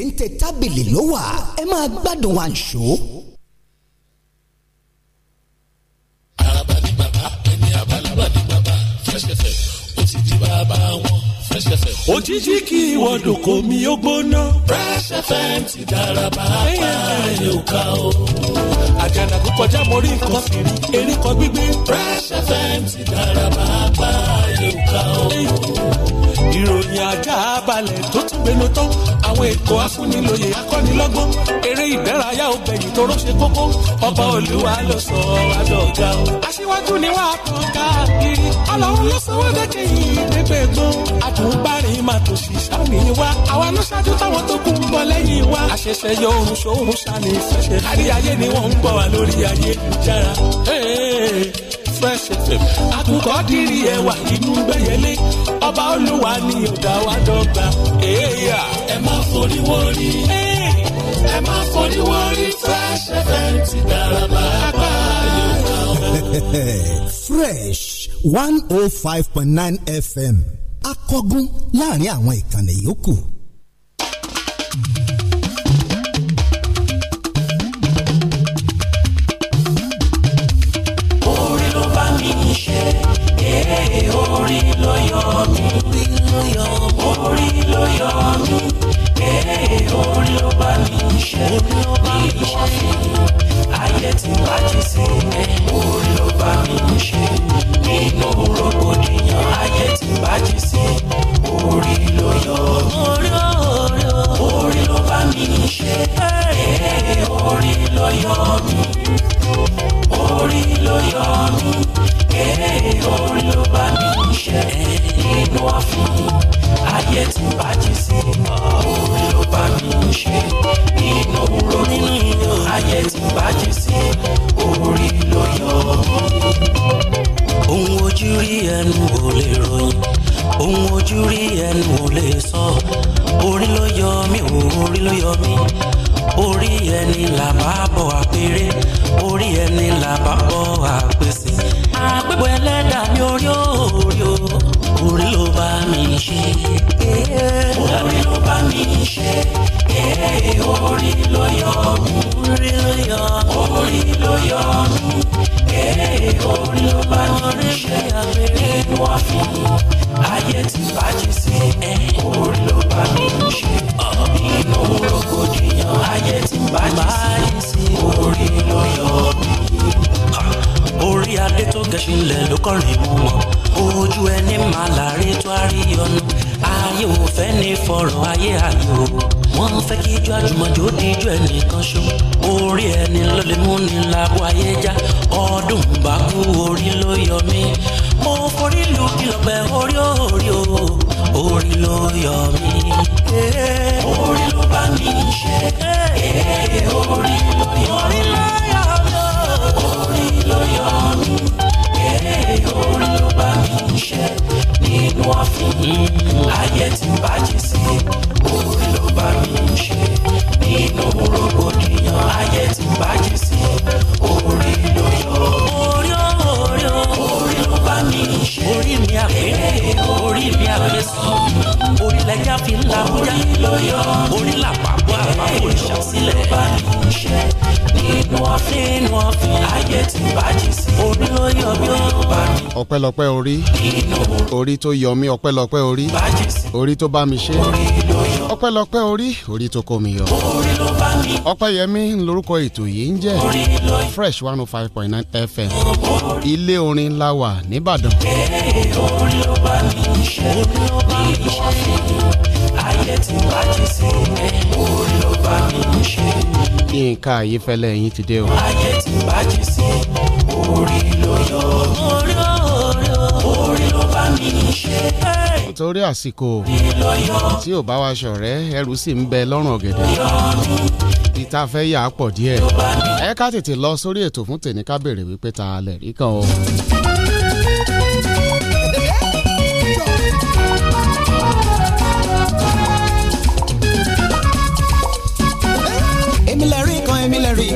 téńté tábìlì ló wà ẹ máa gbádùn àǹṣó. àràbà ní ẹni àbálàbà ní bàbá fresh ti di bàbá wọn fresh òjijì kí ìwọ́dùn kò mí ó gbóná. fresh fm dára bàbá yóò ká o àjànà kọjá mo rí nǹkan fìrí erékọ gbígbé. fresh fm dára bàbá nǹkan o. ìròyìn ajá balẹ̀ tó tún gbénu tán àwọn ètò afúnilòyè akọ́nilọ́gbọ́n eré ìdárayá obìnrin tó rọ́ṣẹ́ kókó ọba olúwa ló sọ adọ́gà o. aṣíwájú ni wàá kàn káàkiri ọlọ́run ló sọ wọ́n dẹ́kẹ́ yìí dẹ́gbẹ́ gbọ́n àtúbárìn máa tò sí sáni wa àwa ló ṣáájú táwọn tó kù ń bọ̀ lẹ́yìn wa. àṣẹ̀ṣẹ̀ yọ oorun ṣòun ṣàní ìfẹsẹ̀ fresh fm àkùkọ dìrì ẹwà inú gbẹ̀yẹlé ọba olúwa ni ọ̀dà wa dọ́gba. ẹ má forí wọrí ẹ má forí wọrí fresh fm ti dára pàápàá. fresh one oh five point nine fm akọgun láàrin àwọn ìkànnì yòókù. orí ló yọ mí orí ló yọ mí ee orí ló bá mi ṣe ìgbọ̀n mi ayé tí wá jí sí orí ló bá mi ṣe nínú rògbòdìyàn ayé tí wá jí sí orí ló yọ mí orí ló bá mi ṣe ee orí ló yọ mí orí ló yọ mí orí ló bá mi. ayé ti bàjẹ́ sí òun ló bá mi ṣe nínú rògbòdìyàn ayé ti bàjẹ́ sí orí ló yọ. ohun ojú rí ẹnu ò lè ròyìn ohun ojú rí ẹnu ò lè sọ orí ló yọ mí orí ló yọ mí orí ẹni là bá bọ̀ àpèrè orí ẹni là bá bọ̀ àpèsè pípọ̀ ẹlẹ́dàá mi orí òòrí o orí ló bá mi ṣe orí ló bá mi ṣe orí ló yọ ọ̀hún orí ló yọ ọ̀hún orí ló yọ ọ̀hún orí ló bá mi ṣe nínú ọ̀fìn ayé ti bàjẹ́ sí orí ló bá mi ṣe nínú rògbòdìyàn ayé ti bàjẹ́ sí orí ló yọ ọ̀hún adé tó gẹṣin lẹ̀ ló kọrin mú wọn ojú ẹni máa láre tó àríyànnu ayé ò fẹ́ ní fọ̀rọ̀ ayé ayò wọ́n fẹ́ kí ijó àjùmọ̀jó díjú ẹnìkan ṣó orí ẹni ló lè mú ni lábọ́ ayé já ọdún bá kú orí ló yọ mí mo forí lu kìlọ̀pẹ̀ orí orí o orí ló yọ mí orí ló bá mi ṣe orí ló yọ mí ló yọ mí èrè orí ló bá mi ṣe nínú ọ̀fìn ayé tí ń bàjẹ́ sí orí ló bá mi ṣe nínú rògbòdìyàn ayé tí ń bàjẹ́ sí orí ló yọ orí orí orí ló bá mi ṣe orí mi àpérè orí mi àpésọ orí lẹjà fi ń labuja orí ló yọ orí làpapọ̀ àpapọ̀ ìṣàsílẹ̀ orí ló bá mi ṣe nínú nuwọ́fín nuwọ́fín ayé ti bàjẹ́ sí orí ló yọ bí ó bá mi. ọpẹ́lọpẹ́ orí orí tó yọ mí ọpẹ́lọpẹ́ orí orí tó bá mi ṣe ọpẹ́lọpẹ́ orí orí tó kó mi yọ ọpẹ́yẹmí lórúkọ ètò yìí ń jẹ́ fresh one oh five point nine fm ilé orin la wà nìbàdàn. orí ló bá mi ṣe orí ló bá mi ṣe ayé ti bàjẹ́ sí orí ló bá yín ti today o. ayé tí bàjẹ́ sí orí ló yọ orí orí ló bá mi ṣe torí àsìkò tí ò bá wa ṣọ̀rẹ́ ẹrù sì ń bẹ lọ́rùn ọ̀gẹ̀dẹ̀ ìta fẹ́ yà á pọ̀ díẹ̀ ẹ ká tètè lọ sórí ètò fún tèmi ká béèrè wípé ta lẹ̀ rí kan o.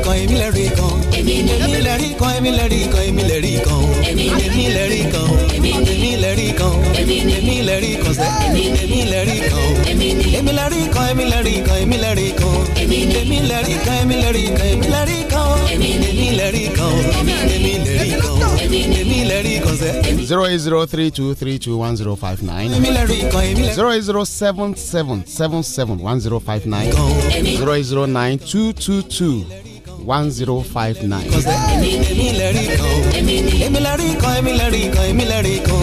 kan èmi lè kan èmi lè kan èmi lè kan èmi lè kan èmi lè kan èmi lè kan èmi lè kan sẹ́ èmi kan èmi lè kan èmi lè kan èmi lè kan èmi lè kan èmi lè kan èmi lè kan èmi lè kan èmi lè kan èmi lè kan sẹ́. zero eight zero three two three two one zero five nine zero eight zero seven seven seven seven one zero five nine zero eight zero nine two two two one zero five nine. èmi lè rí kan èmi lè rí kan èmi lè rí kan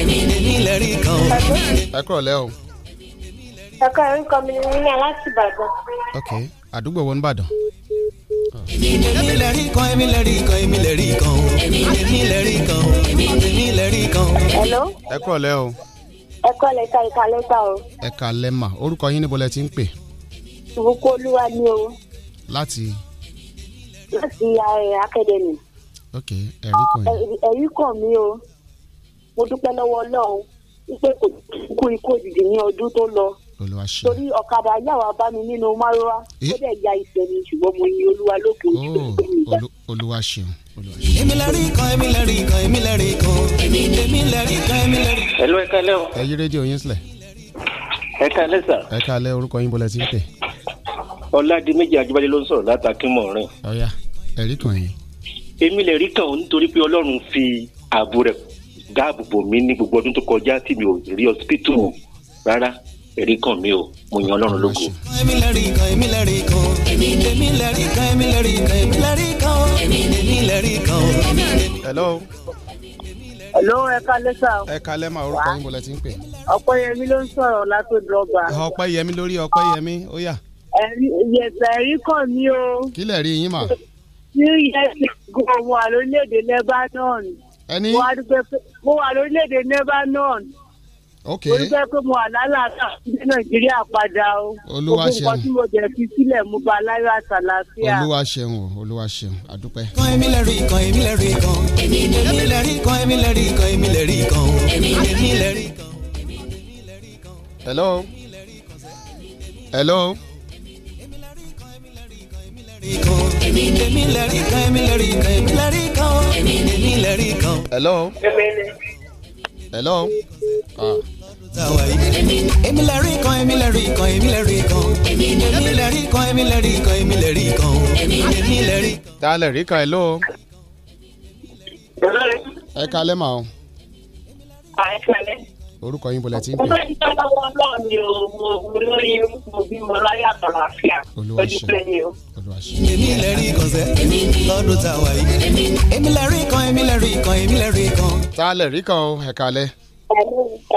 èmi ẹ kúrò lẹ́ mi ni mímí aláti Ìbàdàn. ok àdúgbò wo ní Ìbàdàn. èmi lè kan èmi lè kan èmi lè kan èmi lè kan èmi lè kan. ẹ kúrò lẹ́ o. ẹ kúrò lẹ́ka ẹ̀ka lẹ́ka o. ẹ̀ka lẹ́mà orúkọ yín níbo lẹ ti ń pè ìwòkó olúwa ni o. láti. láti eh, akademi. ok ẹ̀rí kan yìí. ẹ̀rí kan mi o mo dúpẹ́ lọ́wọ́ ọlọ́run wípé kò kú ikú òjijì ní ọdún tó lọ torí ọ̀kadà yàwá bá mi nínú márúwá eh? ó dẹ̀ ya ìfẹ́ mi ṣùgbọ́n mo yin olúwa lókè ojú oh, olúwa ṣeun. èmi lẹ́rí kan èmi lẹ́rí kan èmi lẹ́rí kan èmi lẹ́rí kan èmi lẹ́rí kan. ẹ̀lú ẹ̀ka ẹlẹ́wọ̀n. ẹ yí rédíò yín sílẹ̀ ẹ kalẹ sà. ẹ kalẹ orúkọ yín bọlẹ sí tẹ. ọládìmẹjì àjùbáyé ló ń sọ̀rọ̀ látàkínmọrin. ọyà ẹ̀rí kan yẹn. èmi lè rí kan nítorí pé ọlọ́run fi ààbò rẹ̀ dáàbòbò mi ní gbogbo ọdún tó kọjá tí mi ò rí ọsibítù rárá ẹ̀rí kan mi ò mo yan ọlọ́run lógo. èmi lè rí kan èmi lè rí kan èmi lè rí kan èmi lè rí kan èmi lè rí kan èmi lè rí kan. hello. Hello, ẹ kalẹ́ sá. ẹ kalẹ́ máa orúkọ yín bọ̀lẹ̀ tí ń pè. ọ̀pẹ́yẹmí ló ń sọ̀rọ̀ látòdọ́gba. ọ̀pẹ́yẹmí lórí ọ̀pẹ́yẹmí ó yá. yẹ̀sẹ̀ rí kàn mí o. kílẹ̀ rí yín mà. ní yẹ̀sẹ̀ gbogbo wà lórílẹ̀‐èdè Lebanon. ẹni. mo wà lórílẹ̀‐èdè Lebanon ok ó jẹ́ pé mo wà lálàáfíà ní nàìjíríà padà o olúwa ṣeun gbogbo nǹkan tí mo jẹ sílẹ̀ mo bá láyọ̀ àtàlàfíà. olúwa ṣeun o olúwa ṣeun àdúpẹ́. kan èmi lè rí kan èmi lè rí kan èmi lè rí kan èmi lè rí kan èmi lè rí kan èmi lè rí kan. hello hello. èmi lè rí kan èmi lè rí kan èmi lè rí kan èmi lè rí kan. hello. hello. Ah èmi lè rí kan èmi lè rí kan èmi lè rí kan èmi lè rí kan èmi lè rí ta lè rí kan ẹ ló. ẹ kalẹ́ màá. orúkọ yín bọ̀lẹ̀ tí ń pè. olórí tó mo bí mo láyà tọ̀lọ̀ àfíà ojú pé o. èmi lè rí kan sẹ́ lọ́dún tá a wà yìí èmi lè rí kan èmi lè rí kan èmi lè rí kan. ta lè rí kan o ẹ kalẹ́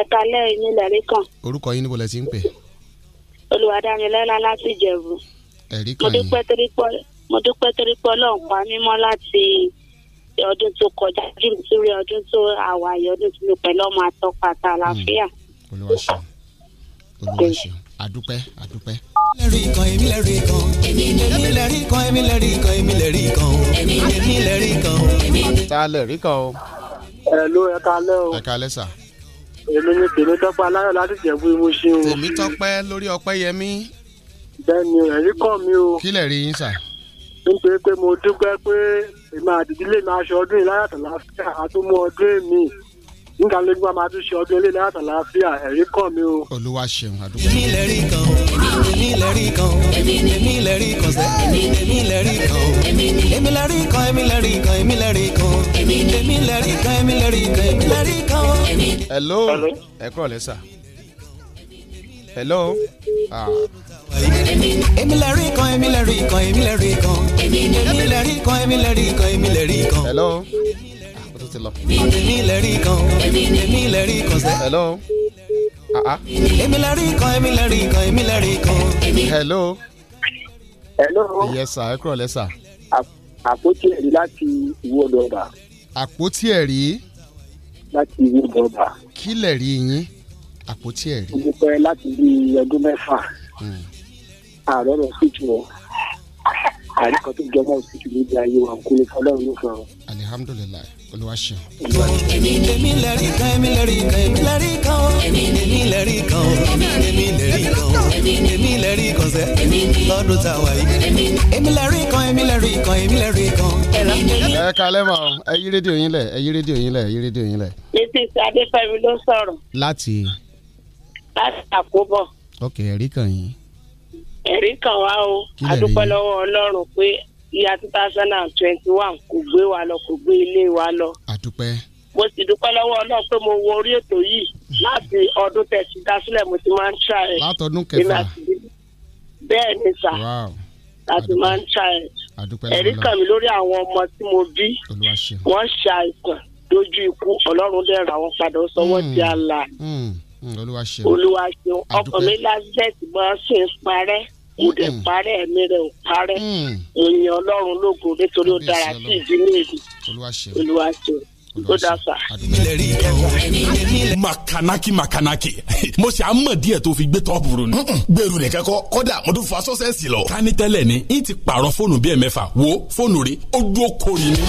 ẹ̀ka lẹ́yìn ilẹ̀ kan. orúkọ yín níbo lẹ ti ń pè. olùwádàmílẹ́lá láti jẹ̀bù. ẹ̀rí kan yìí mo dúpẹ́ torí pé ọlọ́run pa mímọ́ láti ọdún tó kọjá jù sórí ọdún tó àwàyè ọdún tó pẹ̀lú ọmọ àtọ́kọ àti àlàáfíà. Hmm. olúwa ṣeun olúwa ṣeun àdúpẹ́ àdúpẹ́ lẹ́rìí kan èmi kan o ẹ ló ẹ kalẹ́ o. ẹ kalẹ́ sà èmi ni tèmítọ́pẹ́ aláyọ̀ láti jẹ̀bú imú ṣe wọn. tèmítọ́pẹ́ lórí ọpẹ́yẹmí. bẹ́ẹ̀ni ẹ̀rí kàn mí o. kílẹ̀ rí yín sà. nítorí pé mo dúpẹ́ pé èmi àdìdílé mi aṣọ ọdún ìláyàtọ̀ láfíà àtúmọ̀ ọdún mi nǹkan ló gbọ́ máa tún ṣe ọdún ilé láyàtọ̀ láàfíà ẹ̀rí kọ́ mi o. olúwa ṣeun àdúgbò. èmi lè rí kan èmi lè rí kan èmi lè rí kan èmi lè rí kan èmi lè rí kan èmi lè rí kan èmi lè rí kan èmi lè rí kan èmi lè rí kan èmi lè rí kan. hello ẹ kúrò lẹ́sà hello. èmi lè rí kan èmi lè rí kan èmi lè rí kan èmi lè rí kan èmi lè rí kan èmi lè rí kan. hello ti lọ. èmi lè rí kan èmi lè rí kan sẹ́. hello. Ah, ah. èmi lè rí kan èmi lè rí kan èmi lè rí kan. hello. hello. yes sir ẹ kúrò lẹ́ sà. àpótí ẹ̀rí láti ìwọ dọ̀bà. àpótí ẹ̀rí. láti ìwọ dọ̀bà. kí lè rí yín àpótí ẹ̀rí. mo dúpẹ́ láti bí ọdún mẹ́fà. Hmm. àárọ̀ rẹ̀ sì jù ọ́ àríkọ́ tó jọmọ́ òsì tìlú di ayé wa kúlẹ̀ fọlọ́run ló fọ̀rọ̀. alihamudulilayi olúwa ṣeun. èmi èmi lẹ́rìí kan èmi lẹ́rìí kan èmi lẹ́rìí kan o èmi lẹ́rìí kan o èmi lẹ́rìí kan o èmi lẹ́rìí kan sẹ́ lọ́dún tá a wà yìí. èmi lẹ́rìí kan èmi lẹ́rìí kan èmi lẹ́rìí kan. ẹ kalẹ́ mọ̀ ẹ yí rédíò yín lẹ̀ ẹ yí rédíò yín lẹ̀ ẹ yí rédíò yín lẹ̀. mrs adefemi ló sọ̀rọ̀. láti. láti àkóbọ̀. ok ẹ̀rí kan yín. ẹ̀rí kan wá o a dúpẹ́ lọ́wọ́ ọlọ́run pé ìyá two thousand and twenty one kò gbé wa lọ kò gbé ilé wa lọ. àdúpẹ́. mo sì dúpẹ́ lọ́wọ́ ọlọ́run pé mo wo orí ètò yìí láti ọdún tẹ̀sí dásílẹ̀ mo ti máa ń ṣá ẹ̀. látọdún kẹfà. bẹ́ẹ̀ ni sà. láti máa ń ṣá ẹ̀. ẹ̀rí kàn mí lórí àwọn ọmọ tí mo bí. wọ́n ṣe àìsàn lójú ikú ọlọ́run dẹ̀ ra wọn padà ó sọ di àlà. Hmm. Hmm. Hmm. olúwa ṣeun ọkàn mi lásìkò mọ́ sí ń parẹ́ kò dẹ̀ parẹ́ ẹ̀mí rẹ̀ ò parẹ́ òyìn hmm. ọlọ́run lógo nítorí ó dára sí ìdílé rẹ̀ olúwa ṣe ó sa. makanaki makanaki mo ṣe àmọ̀ díẹ̀ tó fi gbé tọ́pù rò ni. gbèrú nìkan kọ́ kọ́dà mo tún fa sọ́sẹ́sì lọ. ká ní tẹ́lẹ̀ ni n ti pààrọ̀ fóònù bíi ẹ̀mẹ́fà wo fóònù rẹ̀ ojú ó kórìí ni.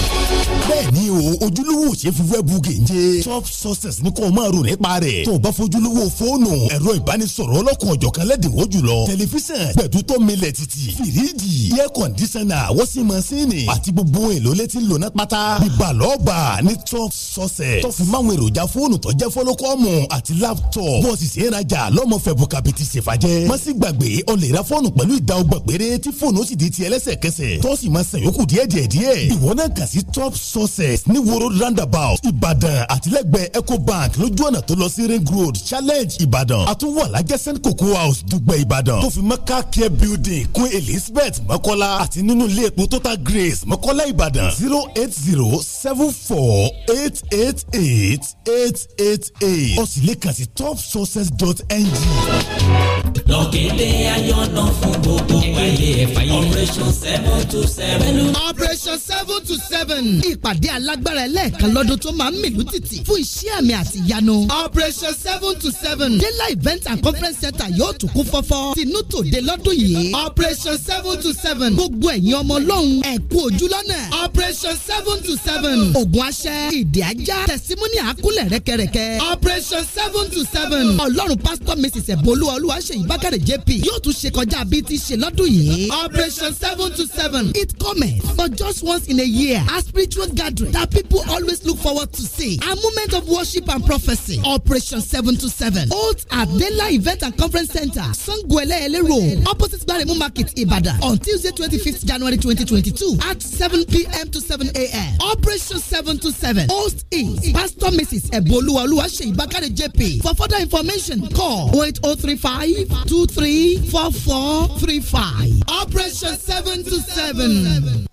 bẹ́ẹ̀ni o ojúlówó ṣe fi wẹ́ẹ̀bù gèje top success ní kò máa rò nípa rẹ̀ tó o bá fojúlówó fóònù ẹ̀rọ ìbánisọ̀rọ̀ ọlọ́kùn ọ̀jọ̀kan lẹ́dínwó jùlọ tẹlifíṣàn gbẹ̀dútọ́ milẹ̀ títì fìrídì air conditioner wọ́sí masínì àti gbogbo èlò létí lónà pátá bíbalọ́ọ̀bà ní tọ́ top success tó fi máwọn èròjà fóònù tó jẹ́ fọ́lọ́kọ́mù àti laptop bọ́ọ̀sì sì ń rajà lọ́mọ fẹ́ bùkàbìtì ṣèfàjẹ́ má sì gbàgbé o lè ra fóònù pẹ̀lú ìdá ọgbọ̀n péré tí fóònù ó sì di tiẹ̀ lẹ́sẹ̀kẹsẹ̀ tó sì máa san yòókù díẹ̀ díẹ̀ díẹ̀ ìwọ náà kà sí top success ní woro roundabout ìbàdàn àtìlẹ́gbẹ̀ẹ́ ecobank lójú ọ̀nà tó lọ sí ring road challenge ìbàdàn àtúwọ̀ alájẹ́ st cocoa house dùgbẹ̀ ìbàdàn tó fi mọ́ car care building kún elizabeth mọ́kọ́lá àti nínú ilé epo total grace mọ́kọ́lá ìbàdàn zero eight zero seven four eight eight eight eight eight eight ó sì lè kàn sí topsources.ng lọ́gẹ̀dẹ̀ ayọ̀nà fún gbogbo ayé operation seven to seven. operation seven to seven. ìpàdé alágbára ẹlẹ́ẹ̀kan lọ́dún tó máa ń mìlú tìtì fún iṣẹ́ àmì àti ìyanu. operation seven to seven. dela event and conference center yóò tún kún fọ́fọ́. tinú tòde lọ́dún yìí. operation seven to seven. gbogbo ẹ̀yin ọmọ ọlọ́run ẹ ojú lọ́nà. operation seven to seven. ògùn aṣẹ ìdí ajá tẹ̀símúnì àkúlẹ̀ rẹ́kẹrẹ́kẹ́. operation seven to seven. ọlọ́run pásítọ̀ mrs ẹ̀bọ́lú ọlúwaṣèyí JP yóò tún ṣe kọjá bíi ti ṣe lọ́dún yìí. Operation seven to seven it comes but just once in a year a spiritual gathering that people always look forward to see. A moment of worship and prophecy. Operation seven to seven holds at Dela Event and Conference Center, Sanguele Ele Road, opposite Baremu Market, Ibadan, on Tuesday 25th January 2022 at 7 p.m. to 7 a.m. Operation seven to seven host is Pastor Mrs. Eboluwa Oluwaseyi Bakare JP. For further information, call 08035 two three four four three five operation seven to seven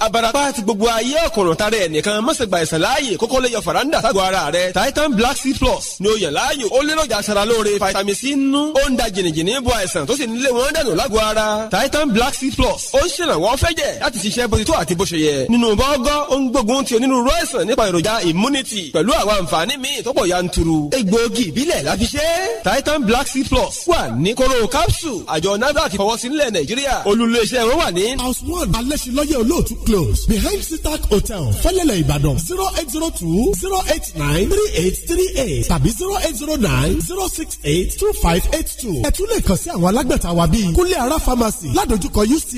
abarapa àti gbogbo ayé ọ̀kùnrùn tara ẹ̀ nìkan gba ẹ̀sán láàyè kókó lè faranda sago ara rẹ̀ titan black sea plus ni ó yàn láàyò ó lé lọ́jà sara lóore vitamin c nú ó ń da jìnnìjìnnì bọ àìsàn tó sì nílé wọn dànù lágbo ara titan black sea plus ó ń ṣèrànwọ́ fẹ́jẹ̀ láti ṣiṣẹ́ bó ti tó àti bó ṣe yẹ nínú bọ́gọ́ ó ń gbógun ti onírúurú àìsàn nípa èròjà immunity pẹ̀lú àwọn àǹfààní míì tó pọ̀ yanturu egbòogi ìbílẹ̀ la ṣe titan black sea plus wà ní kóró capsule àjọ nafdac fọwọ́sí nílẹ̀ nàìjíríà olùléeṣẹ́ wọn wà ní. house one alẹ́ olóò two close behind sitak hotel fẹ́lẹ́lẹ̀ ìbàdàn zero eight zero two zero eight nine three eight three eight tàbí zero eight zero nine zero six eight two five eight two. ẹ tún lè kàn sí àwọn alágbàtà wa bíi kúnlé ara pharmacy ládojúkọ uch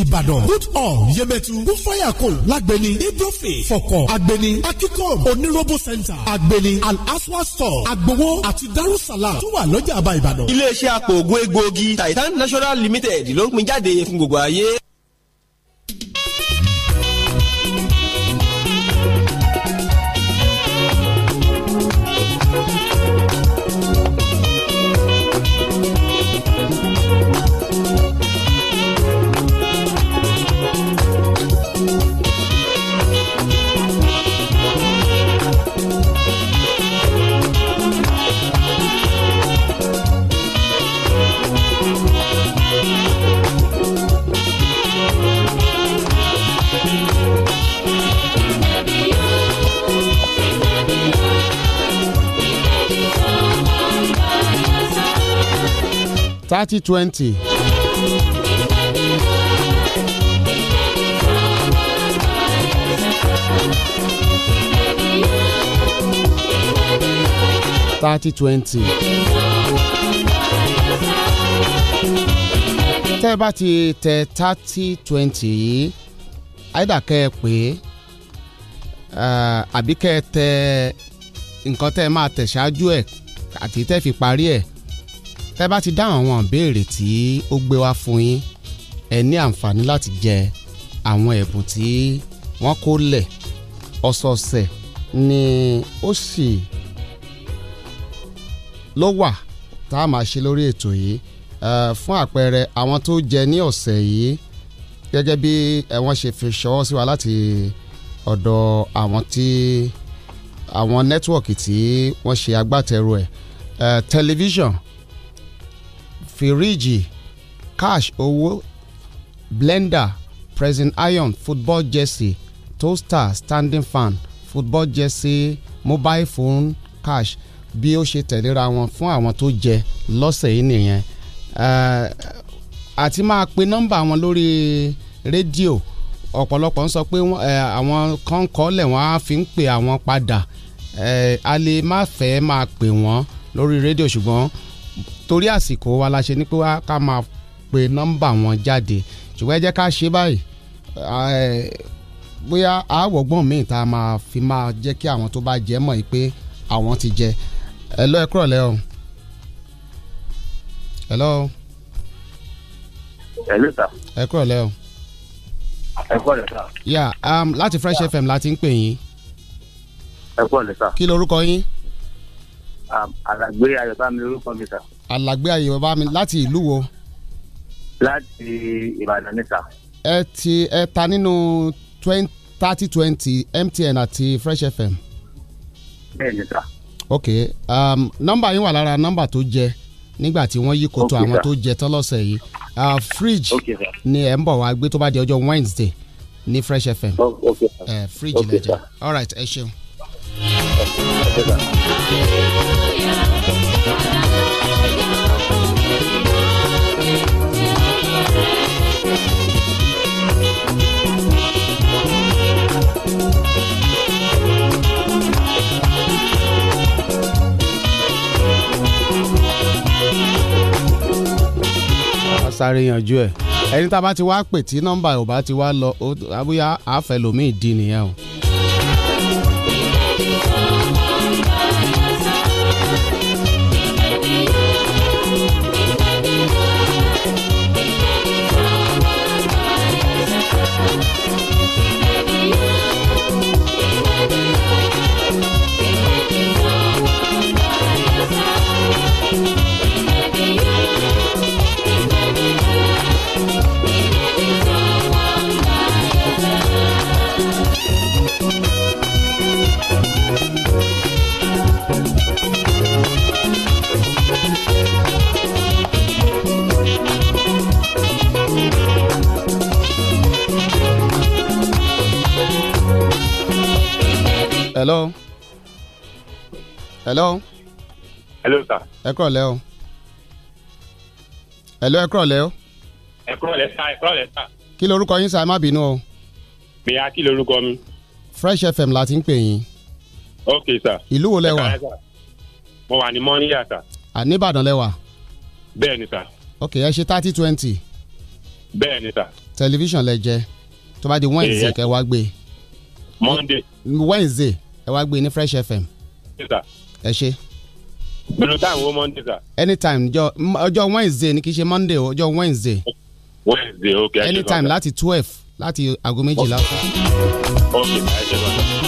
ìbàdàn good all yemẹtu bufayako lágbẹni ibrofe fọkọ agbẹni akikom onirobo center agbẹni and aswa store agbowo àti darussalam tó wà lọ́jà àbá ìbàdàn. iléeṣẹ́ apòògùn egbòogi titan national limited ló ń pín jáde fún gbogbo ayé. thirty twenty. thirty twenty. tẹ́ ẹ bá ti tẹ thirty twenty yìí àyídà kẹ́ ẹ pè é uh, àbí kẹ́ ẹ tẹ nǹkan tẹ́ ẹ máa tẹ̀ ṣáájú ẹ̀ àti tẹ́ fi parí ẹ̀ tẹ́ bá ti dáhùn àwọn ìbéèrè tí ó gbé wá fún yín ẹ ní àǹfààní láti jẹ àwọn ẹ̀bùn tí wọ́n kó lẹ̀ ọ̀sọ̀ọ̀sẹ̀ ni ó sì ló wà tá a máa ṣe lórí ètò yìí fún àpẹẹrẹ àwọn tó jẹ ní ọ̀sẹ̀ yìí gẹ́gẹ́ bí wọ́n ṣe fi ṣọwọ́ sí wa láti ọ̀dọ̀ àwọn tí àwọn nẹ́tíwọ̀kì tí wọ́n ṣe agbátẹrù ẹ̀ tẹlifíṣàn fíríjì cash owó blender present iron football jersey toaster standing fan football jersey mobile phone cash bí ó ṣe tẹ̀léra wọn fún àwọn tó jẹ lọ́sẹ̀ yìí nìyẹn eh, àti máa pe nọ́mbà wọn lórí rédíò ọ̀pọ̀lọpọ̀ ń sọ pé eh, àwọn kan kọ́ lẹ̀ wọ́n á fi ń pè àwọn padà eh, a lè má fẹ́ máa pè wọ́n lórí rédíò ṣùgbọ́n torí àsìkò wa la ṣe ní pé ká máa pe nọ́mbà wọn jáde ṣùgbọ́n ẹ jẹ́ ká ṣe báyìí bóyá àwọ̀gbọ́n míì tá a máa fi máa jẹ́ kí àwọn tó bá jẹ́ mọ̀ pé àwọn ti jẹ ẹ lọ ẹ kúrọ̀ lẹ́ o. hello. hello sir. ẹ kúrọ̀ lẹ́ o. ẹ kúrọ̀ lẹ́ sir. yà um, láti Fresh FM la ti ń pè yín. ẹ kúrọ̀ lẹ́ sir. kí lorúkọ yín. àlàgbé um, ayọ̀bámi lorúkọ mi sir alàgbé ayé bàbá mi láti ìlú wo. láti ìbàdàn níta. ẹ ti ẹ ta nínú thirty twenty MTN àti Fresh FM. bẹ́ẹ̀ ni ok um, nọ́mbà yín wà lára nọ́mbà tó jẹ nígbà tí wọ́n yí koto àwọn tó jẹ tán yìí uh, fridge okay, ni ẹ̀ ń bọ̀ wá gbé tó bá di ọjọ́ Wednesday ní Fresh FM okay, uh, fridge okay, all right ẹ ṣeun. Okay, sáré yanjú ẹ̀ ẹni tá a bá ti wá pè tí nọ́mbà ò bá ti wá lọ àbúyá àfẹ́lòmíì dín nìyẹn o. hello. hello sir. ẹ kúrọ̀ lẹ́ o. hello ẹ kúrọ̀ lẹ́ o. ẹ kúrọ̀ lẹ́ sá ẹ kúrọ̀ lẹ́ sá. kí lorúkọ yín sá ẹ má bínú o. mi á kí lorúkọ mi. fresh fm la ti ń pè yín. ok sir. ìlú wo lẹ wà. mo wà ní mọ́níyà sir. àníbàdàn lẹ wà. bẹ́ẹ̀ ni sir. ok ẹ ṣe thirty twenty. bẹ́ẹ̀ ni sir. tẹlifíṣàn lẹ jẹ tó bá di wednesday kẹ wá gbé. monday. wednesday ẹ wá gbé ní fresh fm. Yes, ẹ ṣe. pẹ̀lú táwọn wo monday sir. anytime ọjọ́ wednesday ni kì í ṣe monday ọjọ́ wednesday. wednesday ok. anytime láti twelve láti aago méjìlá. ok ẹ ṣe bá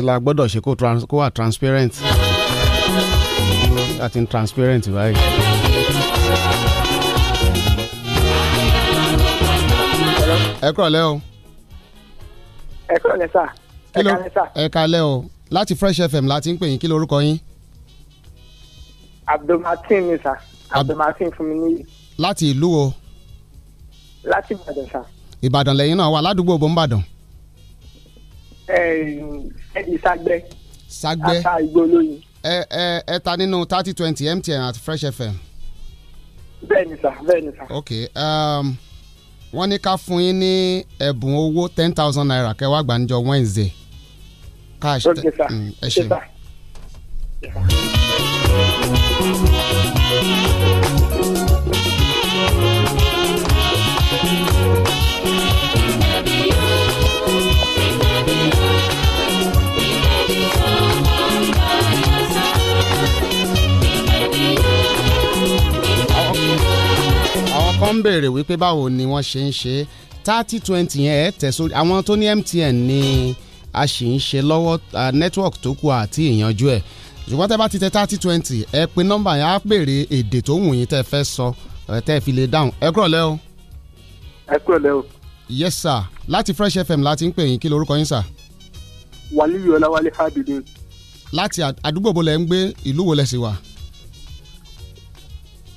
sí la gbọ́dọ̀ ṣe kó wà transparent àti transparent báyìí. ẹ kúrọ̀lẹ́ o. ẹ kúrọ̀lẹ́ sà. ẹ kálẹ́ sà. ẹ kálẹ́ o láti Fresh FM la ti ń pè yín kí lorúkọ yín. Abdulmateen ni sà Abdulmateen fún mi níyì. láti ìlú wo. láti Ìbàdàn sà. Ìbàdàn lẹ́yìn náà wà ládùúgbò bòńbàdàn ẹ̀ẹ́dì eh, sagbẹ́ sagbẹ́ ata ìgbólóyin. ẹ ẹ ẹ ta nínú thirty twenty MTN at Fresh FM. bẹ́ẹ̀ni sà bẹ́ẹ̀ni sà. ok um, wọ́n ní ká fún yín ní ẹ̀bùn owó ten thousand naira kẹwàá gbàǹjọ Wednesday cash mm, ẹ ṣe. béèrè wípé báwo ni wọ́n ṣe ń ṣe thirty twenty yẹn ẹ̀ tẹ̀sórí àwọn tó ní MTN ni a sì ń ṣe lọ́wọ́ network tó kù àti ìyanjú ẹ̀ ṣùgbọ́n tẹ́ bá ti tẹ thirty twenty ẹ pe nọ́mbà yẹn á béèrè èdè tó wù yín tẹ́ fẹ́ sọ tẹ́ fi lè dáhùn ẹ kúrọ̀ lẹ́ ẹ kúrọ̀ lẹ́ yes sir láti Fresh FM láti ń pè yín kí lorúkọ yín sà. wàlíyọ̀ ọ̀làwálé hábìlì. láti àdúgbò bo lẹ ń gbé ìlú wo lẹ sì wà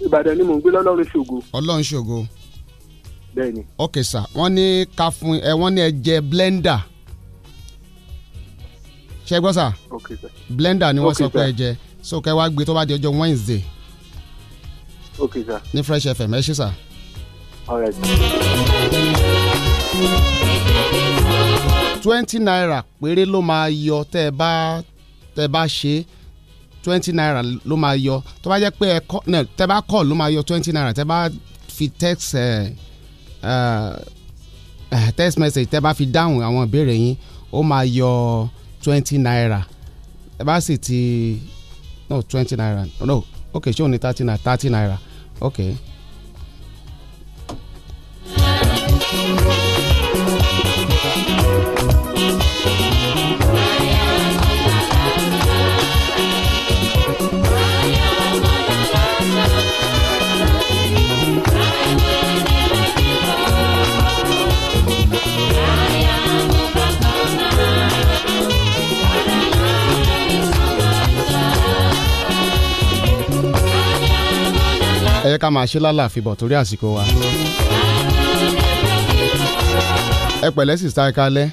ìbàdàn ni mò ń gbé lọ́lọ́run ṣògo. ọlọ́run ṣògo. bẹ́ẹ̀ni. ok sir wọ́n ní ká fún ẹ wọ́n ní ẹ jẹ blender ṣe gbọ́ sà blender ni wọ́n sọ pé ẹ jẹ so kẹ́ wá gbé tó bá di ọjọ́ Wednesday okay, sir. ní Fresh FM ẹ ṣé sà. twenty naira péré ló máa yọ tẹ́ ẹ bá tẹ́ ẹ bá ṣe é twenty naira ló máa yọ tó bá jẹ́ pé ẹ kọ́ náà tẹ́ bá call ló máa yọ twenty naira tẹ́ bá fi text Uh, ẹ text message tẹ́ bá fi dáhùn àwọn ìbéèrè yín ó máa yọ twenty naira tẹ́ bá sì ti no twenty naira no ok ṣé o ní thirty naira thirty naira ok. yẹ ká máa ṣe lálàáfíà bọ̀ torí àsìkò wa. ẹ pẹ̀lẹ́ sì sáré kalẹ́.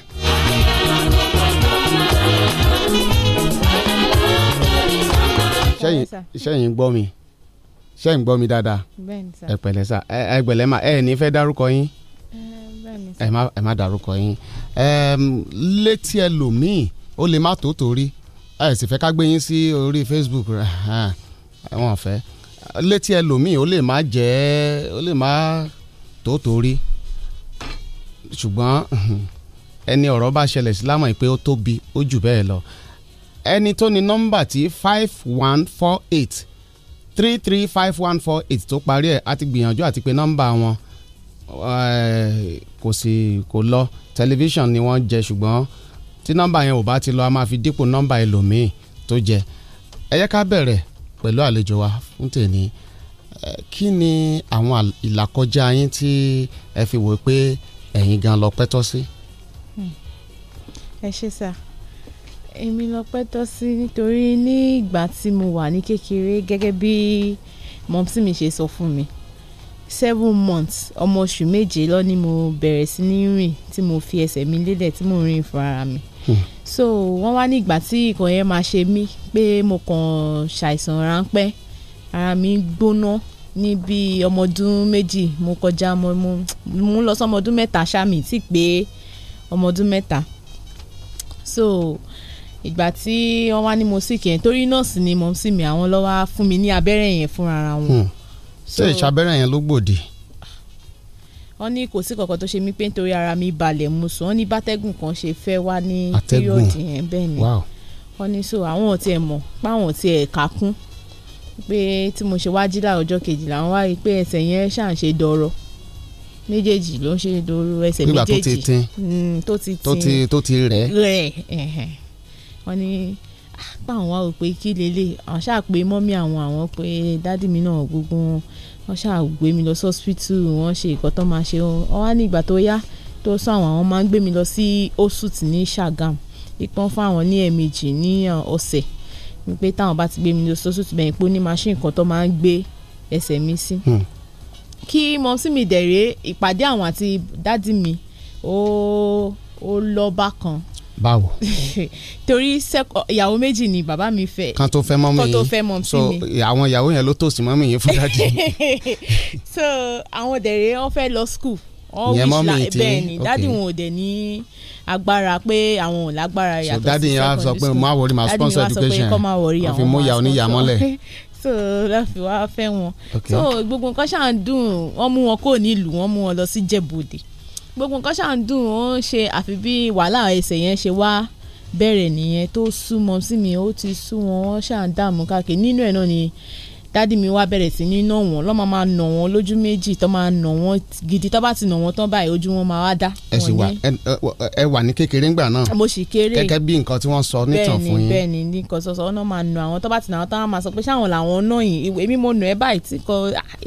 sẹ́yìn gbọ́ mi sẹ́yìn gbọ́ mi dáadáa ẹ pẹ̀lẹ́ sà ẹ gbẹ̀lẹ́ mà ẹ ní fẹ́ dárúkọ yín eh, ẹ má ẹ má dárúkọ yín létí ẹlòmíì ó lè má tó torí ẹ sì fẹ́ ká gbé yín sí orí Facebook wọn fẹ́ létí ẹlòmíì ó lè má jẹ́ ó lè má tó torí ṣùgbọ́n ẹni ọ̀rọ̀ bá ṣẹlẹ̀ sí lámọ̀ pé ó tóbi ó jù bẹ́ẹ̀ lọ ẹni tó ní nọ́mbà tí five one four eight three three five one four eight tó parí ẹ̀ àti gbìyànjú àti pé nọ́mbà wọn kò sì kò lọ tẹlifíṣàn ni wọ́n jẹ ṣùgbọ́n tí nọ́mbà yẹn ò bá ti lọ a máa fi dípò nọ́mbà ẹlòmíì tó jẹ ẹ yẹ ká bẹ̀rẹ̀ pẹ̀lú àlejò wa fún tèmi kí ni àwọn ìlàkọjá yín tí ẹ fi wò pé ẹ̀yin gan lọ pẹ́tọ́ sí. Hmm. ẹ ṣe sá èmi lọ pẹ́tọ́ sí nítorí ní ìgbà tí mo wà ní kékeré gẹ́gẹ́ bí mọ̀mísí mi ṣe sọ fún mi seven months ọmọ oṣù méje lọ ni mo bẹ̀rẹ̀ sí ní rìn tí mo fi ẹsẹ̀ mi lélẹ̀ tí mo rìn fún ara mi. Hmm so wọ́n wá ní ìgbà tí ìkọ̀ yẹn máa ṣe mí pé mo kàn ṣàìsàn ráńpẹ́ ara mi gbóná ní bíi ọmọ ọdún méjì mo kọjá mo mú lọ sọmọ ọdún mẹ́ta ṣáàmì tí pé ọmọ ọdún mẹ́ta so ìgbà tí wọ́n wá ní mo sì kẹ́yìn torí nọ́ọ̀sì ni mo sì mí àwọn lọ́wọ́ fún mi ní abẹ́rẹ́ yẹn fúnra wọn. Hmm. ṣé ìṣàbẹ̀rẹ̀ yẹn ló gbòdì wọ́n ní kò sí kankan tó ṣe mí pé nítorí ara mi balẹ̀ mu sùn wọ́n ní bátẹ́gùn kan ṣe fẹ́ wá ní píríọ̀dì yẹn bẹ́ẹ̀ ni wọ́n ní so àwọn ò tiẹ̀ mọ̀ páwọn ò tiẹ̀ kà kún pé tí mo ṣe wá jí láàrọ̀jọ́ kejìlá wọ́n wá rí i pé ẹsẹ̀ yẹn ṣáà ṣe dọ̀rọ̀ méjèèjì ló ń ṣe dòrò ẹsẹ̀ méjèèjì tó ti rẹ̀ hmm, rẹ̀ ní ah, páwọn wá rò pé kí lélẹ̀ àwọn ṣáà pé mọ́mí àwọn àwọn pé dádì mi náà gbógun wọ́n ṣáà gbé mi lọ sọ́spítù wọ́n ṣe nǹkan tó máa ṣe wọ́n wá ní ìgbà tó yá tó sọ àwọn àwọn máa ń gbé mi lọ sí osut ní Ṣàgámù ìpọ́n fún àwọn ní ẹ̀ẹ̀mejì ní ọ̀sẹ̀ wípé táwọn bá ti gbé mi lọ sọ́sùn tìbẹ̀ yìí pé ó ní machine kan tó máa ń gbé ẹsẹ̀ mi sí. Hmm. kí mọ̀sí mi dẹ̀rẹ̀ ìpàdé àwọn àti dádì mi ó ó bákan báwo. torí ìyàwó méjì ni bàbá mi fẹ́. kan tó fẹ́ mọ́ mi kan tó fẹ́ mọ́ mi. so àwọn ìyàwó yẹn ló tòsí mọ́ mi yẹn fún dájú. so àwọn dẹ̀rẹ̀ wọn fẹ́ lọ school ìyẹn mọ́ mi ti bẹ́ẹ̀ ni dádì wọn ò dẹ̀ ní agbára pé àwọn ò lágbára yàtọ̀ sí secondary school so dádì yẹn wá sọ pé mo á wọrí ma sponsor education wọn fi mú ìyá oníyàmọ́lẹ̀ so láfi wá fẹ́ wọn so gbogbo nǹkan ṣáà ń dùn wọ́n mú wọn kó nílùú wọ́n mú wọn lọ sí jẹ̀bọ̀dẹ̀ gbogbo nǹkan ṣáà ń dùn ó ń ṣe àfi bí wàhálà ẹsẹ̀ yẹn ṣe wá bẹ̀rẹ̀ nìyẹn tó súnmọ́ sí mi ó ti sú wọn ṣáà ń dààmú káàkiri nínú ẹ̀ náà ni dádì mi wá bẹ̀rẹ̀ sí ní nà wọ́n lọ́ máa máa nà wọ́n lójú méjì tó máa nà wọ́n gidi tó bá ti nà wọ́n tán báyìí ojú wọn máa wá dá. ẹ sì wà ẹ wà ní kékeré ńgbà náà mo sì kéré gẹ́gẹ́ bí nǹkan tí wọ́n sọ nítàn fún yín. bẹ́ẹ̀ni bẹ́ẹ̀ni nǹkan sọsọ ọ náà máa nà àwọn tó bá ti nà àwọn tó máa sọ pé sáwọn làwọn náà yìí èmi mo nà ẹ báyìí tí kò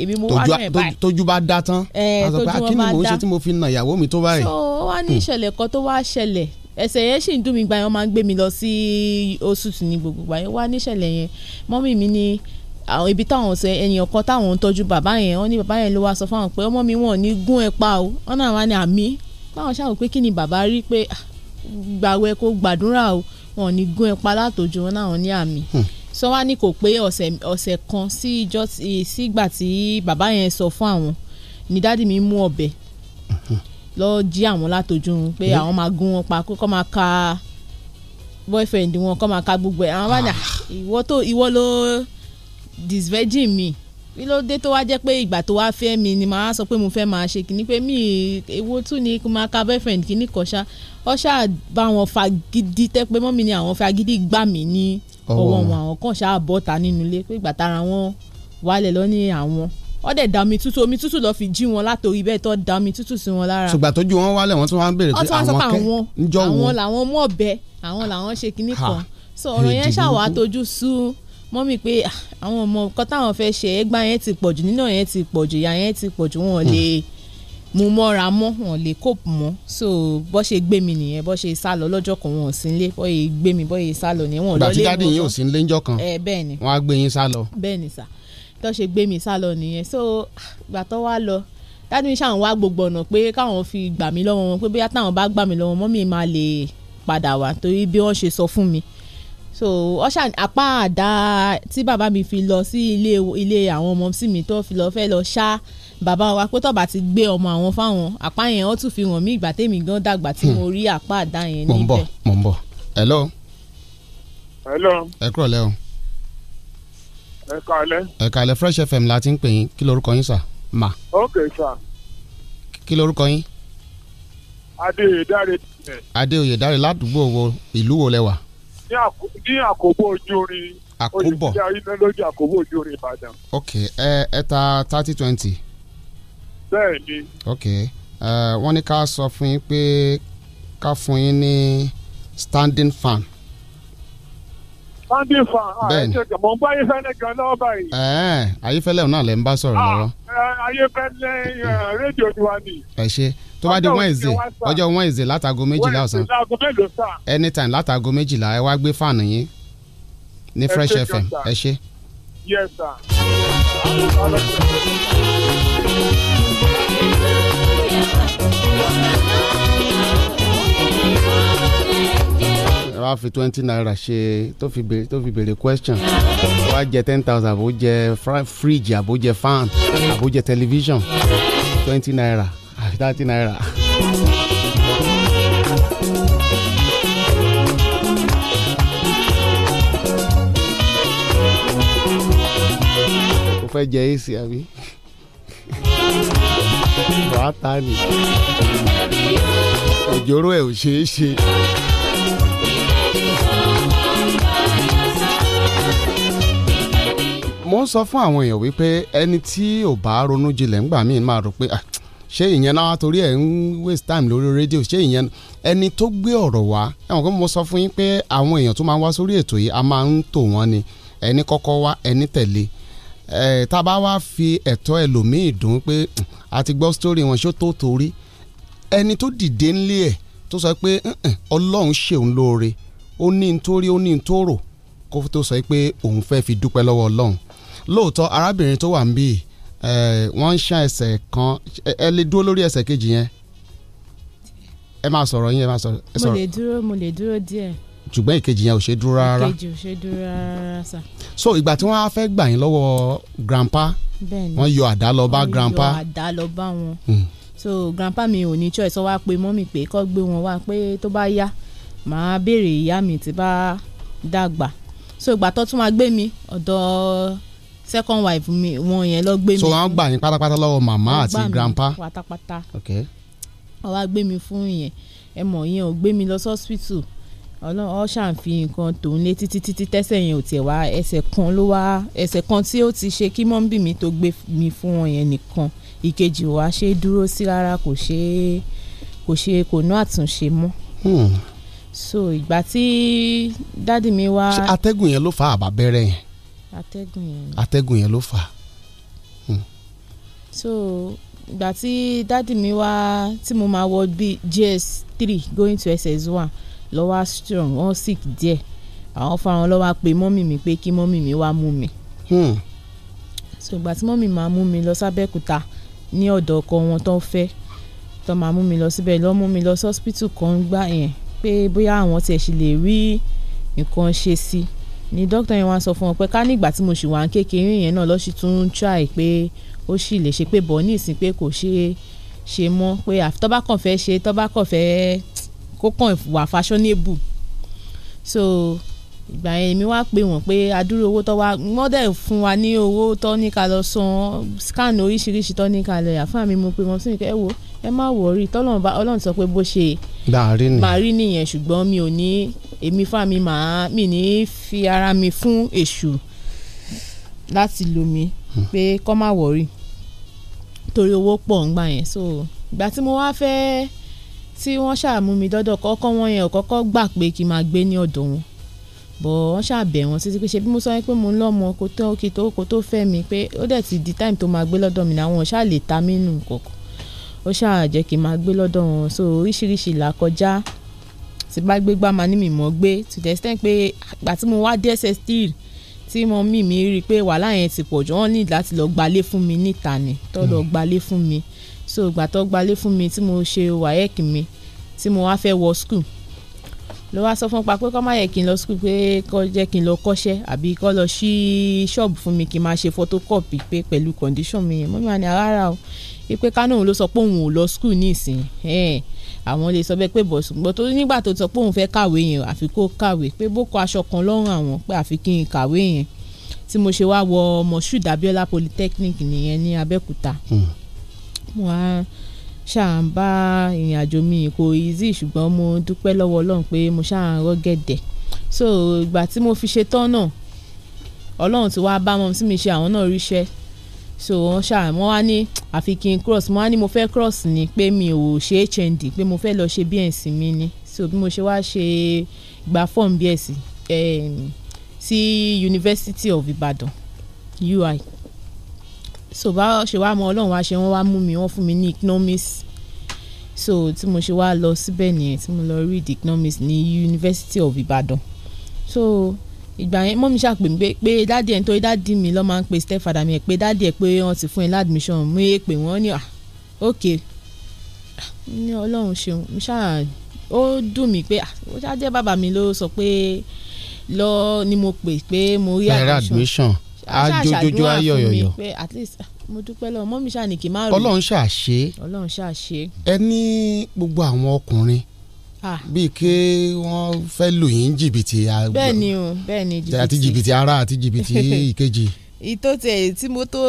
èmi mo wá nà ẹ báyìí. tójú so ó wá ní hmm. ìṣẹ̀lẹ̀ kan tó wá ṣẹlẹ̀ ẹsẹ̀ yẹn sì ń dùn mí gba yẹn wọ́n máa ń gbé mi lọ sí oṣù tì ní gbogbo gba yẹn wá níṣẹ̀lẹ̀ yẹn mọ́mì mi ní àwọn ibi táwọn sọ ènìyàn kan táwọn ń tọ́jú bàbá yẹn wọ́n ní bàbá yẹn ló wá sọ fáwọn pé ọmọ mi wọn ò ní gún ẹ pa o wọ́n náà wá ní àmì báwọn ṣàwò pé kí ni bàbá rí pé ah, gbàwẹ̀ kó gbàdúrà o wọn ò ní gún ẹ pa látòjú wọn náà ní àmì hmm. sọ wá ní kò pé ọ̀sẹ̀ kan sí ìjọ sígbà tí bàbá yẹn sọ fún àwọn ni dádì mi mú ọbẹ̀ hmm. lọ jí àwọn látòjú wọn pé àwọn máa gún wọn pa kó máa ka boyfriend wọn kọ́ máa ka gbogbo ẹ̀ àwọn bá ní ah, ah. ìwọ tó ìwọ ló this virgin mi kí ló dé tó wá jẹ́ pé ìgbà tó wá fẹ́ mi ni màá sọ pé mo fẹ́ máa ṣe kíní pé mi èwo tún ni kí máa ka boyfriend kíní kan ṣá ọ ṣáà bá wọn fagidi tẹ́ pé mọ́mí ni àwọn fagidi gbà mí ní ọwọ́ wọn àwọn kan ṣáà bọ́ta nínú ilé pé ìgbà tára wọn wálẹ̀ lọ ní àwọn ó dẹ̀ da omi tútù omi tútù lọ fi jí wọn látòrí bẹ́ẹ̀ tó da omi tútù sí wọn lára. ṣùgbọ́n àtọ́jú wọn wálẹ̀ wọ́n tún wá ń béèrè pé àwọn kẹ́ ń jọ wọn. àwọn làwọn mú ọ̀bẹ àwọn làwọn ṣe kinní kan so ọ̀rọ̀ yẹn ṣàwà tójú sú mọ́mì pé ah, àwọn ọmọ nǹkan táwọn fẹ́ ṣe ẹgbà yẹn ti pọ̀jù nínà yẹn ti pọ̀jù ìyá yẹn ti pọ̀jù wọn hmm. lè mú mọ́ra mọ́ wọn lè cope mọ́ so bọ́ ṣe gbé mi nìyẹn bọ́ ṣe sá lọ lọ́jọ́ kan wọn ò sí nílé bọ́ ṣe gbé mi bọ́ ṣe sá lọ ní wọn lọ́lé ìgbà tí dáàdì yín ò sí nílé ńjọ́ kan wọn á gbé yín sá lọ. bẹ́ẹ̀ni sà tó ṣe gbé mi sá lọ nìyẹn so ìgbà tó wá lọ dáàdì mi ṣàwọn wá gbogbo ọ̀nà pé káwọn fi gbà mí lọ́wọ́ wọn pé bóyá táwọn bá gbà mí lọ́wọ́ mọ́mì máa lè padà wá torí bí wọ́n ṣe sọ fún mi so ọṣà apá àdá tí bàbá mi fi lọ sí ilé ilé àwọn ọmọ sí mi tó fi lọ fẹ́ lọ ṣá bàbá wa pé tọ́ba ti gbé ọmọ àwọn fáwọn apá yẹn ó tún fi hàn mí ìgbà tèmi gan dàgbà tí mo hmm. rí apá àdá yẹn níbẹ̀. mo ń bọ̀ mo ń bọ̀ hello. hello. ẹ kúrọ̀ lẹ́wọ̀n. ẹ kálẹ́. ẹ kálẹ́ Fresh FM la ti ń pè yín kí lorúkọ yín sà má. ok sà. kí lorúkọ yín. adéoyè dáre. adéoyè dáre ládùúgbò wo ìlú wo lẹ wà ní àkóbọ̀ ojúrin àkóbọ̀ olùdíje ayélujára àkóbọ̀ ojúrin Ìbàdàn. ok ẹ ẹ ta thirty twenty. bẹ́ẹ̀ ni. ok wọ́n ní ká sọ fún yín pé ká fún yín ní standing fan. standing fan ah, bẹ́ẹ̀ ni mo ń bá ayéfẹ́lẹ́ gan lọ́wọ́ báyìí. ayéfẹ́lẹ́ náà lẹ́ ń bá sọ̀rọ̀ lọ́wọ́. Ah, ayéfẹ́lẹ́ rédíò ni wà ní. ẹ ṣe tó bá di wednesday ọjọ́ wednesday látago méjìlá ọ̀sán anytime látago méjìlá ẹ wá gbé fàánù yín ní fresh fm ẹ ṣe. yes sir. fi twenty naira ṣe tó fi béèrè tó fi wá jẹ ten thousand àbó fridge àbó fan àbó television twenty naira 大家进来了。kò fẹ́ jẹ èsì àbí wàá ta ni òjòrò ẹ̀ ò ṣeé ṣe. mo ń sọ fún àwọn èèyàn wípé ẹni tí ò bá ronú jinlẹ̀ ńgbà míì máa rò pé ah ṣé ìyẹn náà torí ẹ̀ ń waste time lórí rédíò ṣé ìyẹn ẹni tó gbé ọ̀rọ̀ wá ẹ̀wọ̀n kó mo sọ fún yín pé àwọn èèyàn tó máa ń wá sórí ètò yìí a máa ń tò wọ́n ni ẹni kọ́kọ́ wá ẹni tẹ̀lé ẹ̀ tá a bá wá fi ẹ̀tọ́ ẹlòmíì dùn pé a ti gbọ́ sítórì wọn ṣó tó torí ẹni tó dìde ńlé ẹ̀ tó sọ pé ọlọ́run ṣeun lóore ó ní nítorí ó ní nítòrò kó tó sọ pé òun fẹ́ fi dúpẹ́ lọ́wọ́ ọlọ́run lóòótọ́ arábìnrin tó wà ń bíi Eh, wọ́n ń ṣan ẹsẹ̀ kan ẹ lè dúró lórí ẹsẹ̀ kejì yẹn ẹ máa sọ̀rọ̀ yín ẹ máa sọ̀rọ̀. mo lè dúró mo lè dúró díẹ̀. ṣùgbọ́n ìkejì yẹn ò ṣe dúró rárá. ìkejì ò ṣe dúró rárá sà. so ìgbà tí wọ́n á fẹ́ gbà yín lọ́wọ́ grandpa wọ́n yọ àdá lọ bá grandpa. wọ́n yọ àdá lọ bá wọn. Hmm. so grandpa mi ò ní choice wá pé mọ́mì pé kó gbé wọn wá pé tó bá yá màá béèrè ìyá mi tí bá dàgbà so ìgbà tó tún máa gbé mi ọ̀dọ̀ second wife mi wọn yẹn lọ gbé mi. so wọn gbà yín pátápátá lọ́wọ́ màmá àti grandpa. wọn gbà mí pátápátá. ok. wọn wá gbé mi fún yẹn ẹ mọ̀ yẹn ò gbé mi lọ sọ́sìpìtù ọlọ́run ọ ṣàǹfi nǹkan tòun lé títí títí tẹ́sẹ̀ yẹn ò tiẹ̀ wá ẹsẹ̀ kan ló wá ẹsẹ̀ kan tí ó ti ṣe kí mọ́ńbì mi tó gbé mi fún wọn yẹn nìkan ìkejì wa ṣe dúró sí rárá kò ṣe kò ṣe kò ná àtúnṣe mọ́. Hmm. so ìgbà tí dádì mi wá. ṣé atẹ́gùn yẹn ló fa àbá yẹn atẹ́gùn yẹn atẹ́gùn yẹn ló fà á. Hmm. so ìgbà tí dáàdì mi wá tí mo máa wọ bíi js three going to ss one lọ́wọ́ strong wọ́n sick díẹ̀ àwọn fáwọn lọ́wọ́ pé mọ́mì mi pé kí mọ́mì mi wá mú mi. Hmm. so ìgbà tí mọ́mì máa mú mi lọ sábẹ́kúta ní ọ̀dọ̀ ọkọ wọn tó ń fẹ́ tó máa mú mi lọ síbẹ̀ lọ́ mú mi lọ sọ́spítù kan gbà yẹn pé bóyá àwọn tiẹ̀ ṣì lè rí nǹkan ṣe sí i ni dókítà yẹn wá sọ fún wọn pé ká nígbà tí mo ṣì wà ń kékeré yẹn náà lọ́ọ́ sì tún ń try pé ó sì lè ṣe pé bọ̀ ní ìsìn pé kò ṣe ṣe mọ́ pé tọ́ba kàn fẹ́ ṣe tọ́ba kàn fẹ́ kó wà fashionable so ìgbà yẹn èmi wá pè wọ́n pé adúrò owó tó wá wọ́n dẹ̀ fún wa ní owó tó ní ká lọ san scan oríṣiríṣi tó ní ká lọ yà fún àmì mo pé wọ́n sì ní kẹ́ ẹ ẹ má wọrí tọ́lọ́run bá ọlọ́run sọ pé bó ṣe máa rí nìyẹn ṣùgbọ́n mi ò ní èmi fún mi máa mi ní fi ara mi fún èṣù láti lù mí hmm. pé kọ́ má wọrí torí owó pọ̀ ń gbà yẹn so ìgbà tí mo wá fẹ́ tí wọ́n ṣàmú mi dọ́dọ̀ kọ́kọ́ wọ́n yẹn ò kọ́kọ́ gbà pé kí n máa gbé ní ọ̀dọ̀ wọn bọ̀ wọ́n ṣàbẹ̀ wọn títí pé ṣe bí mo sọ pé mo ń lọ́mọ kó tó kí tó kó tó fẹ́ mi pé ó dẹ̀ ti di táìmù tó máa gbé lọ́dọ̀ mi làwọn ṣáà lè ta mí nù kọ̀ọ̀kan ó ṣáà jẹ́ kí n máa gbé lọ́dọ̀ wọn so oríṣiríṣi là kọjá tí bá gbé gbá máa ní mi mọ́ gbé to the extent pé àgbà tí mo wá DSS three tí mo mì mí rí i pé wàhálà yẹn ti pọ̀ jù wọ́n ní láti lọ gbalé fún mi níta ni tó lọ hmm. gbalé fún mi so ìgbà tó gbalé fún mi tí mo ṣe wáyẹ́kì mi tí mo wá fẹ́ wọ school ló wá sọ fún pa pé kọ́ má yẹ kí n lọ skul pé kọ́ jẹ́ kí n lọ kọ́ṣẹ́ àbí kọ́ lọ sí ṣọ́ọ̀bù fún mi kí n máa ṣe photocopy pé pẹ̀lú condition mi yẹn mọ́mí wa ni rárá o pé kánò òun ló sọ pé òun ò lọ skul ní ìsìn àwọn lè sọ bẹ́ẹ̀ pé bọ̀ ṣùgbọ́n tó nígbà tó sọ pé òun fẹ́ kàwé yẹn àfi kó kàwé pé bó aṣọ kan lọ́rùn àwọn pé àfi kí n kàwé yẹn tí mo ṣe wá wọ Moshood Polytechnic nìyẹn ní Abẹ́òkúta. Hmm. mo wow ṣáà ìrìn àjò mi kò easy ṣùgbọ́n mo dúpẹ́ lọ́wọ́ ọlọ́run pé mo ṣáà rọ́gẹ̀dẹ̀ so ìgbà tí mo fi ṣe tán náà ọlọ́run ti wá bá mọ́ tí mi ṣe àwọn náà ríṣẹ́ so wọ́n ṣáà wọ́n wá ní àfi cross mo wá ní mo fẹ́ cross ni pé mi ò ṣe HND pé mo fẹ́ lọ ṣe BNc mi ni so bí mo ṣe wá ṣe gba form BNc eh, sí University of Ibadan UI so bá ṣe wá mọ ọlọ́run wá ṣe wọ́n wá mú mi wọ́n fún mi ní economics so tí mo ṣe wá lọ síbẹ̀ nìyẹn tí mo lọ read economics ní University of Ibadan so ìgbà yẹn mọ́mí ṣàpè mí pé dáàdì ẹ̀ nítorí dáàdì mi lọ́ máa ń pe stepfather mi ẹ̀ pé dáàdì ẹ̀ pé wọ́n ti fún ẹ ládùmíṣàn mú ẹ pé wọ́n ní à ok ní ọlọ́run ṣeun mo ṣáà ó dùn mí pé ó ṣáà bàbá mi ló sọ pé lọ ni mo pè pé mo rí admission ajojojo ayọyọyọ pé at least ah, mo dúpẹ́ lọ́wọ́ mọ́mí ṣàní kì í má rí ọlọ́run ṣàṣe ọlọ́run ṣàṣe ẹ ní gbogbo àwọn ọkùnrin ah. bíi ké wọ́n fẹ́ lù yín jìbìtì ah, bẹ́ẹ̀ ni o bẹ́ẹ̀ ni jìbìtì àti jìbìtì ara àti jìbìtì ìkejì ìtò tiẹ̀ tí mo tó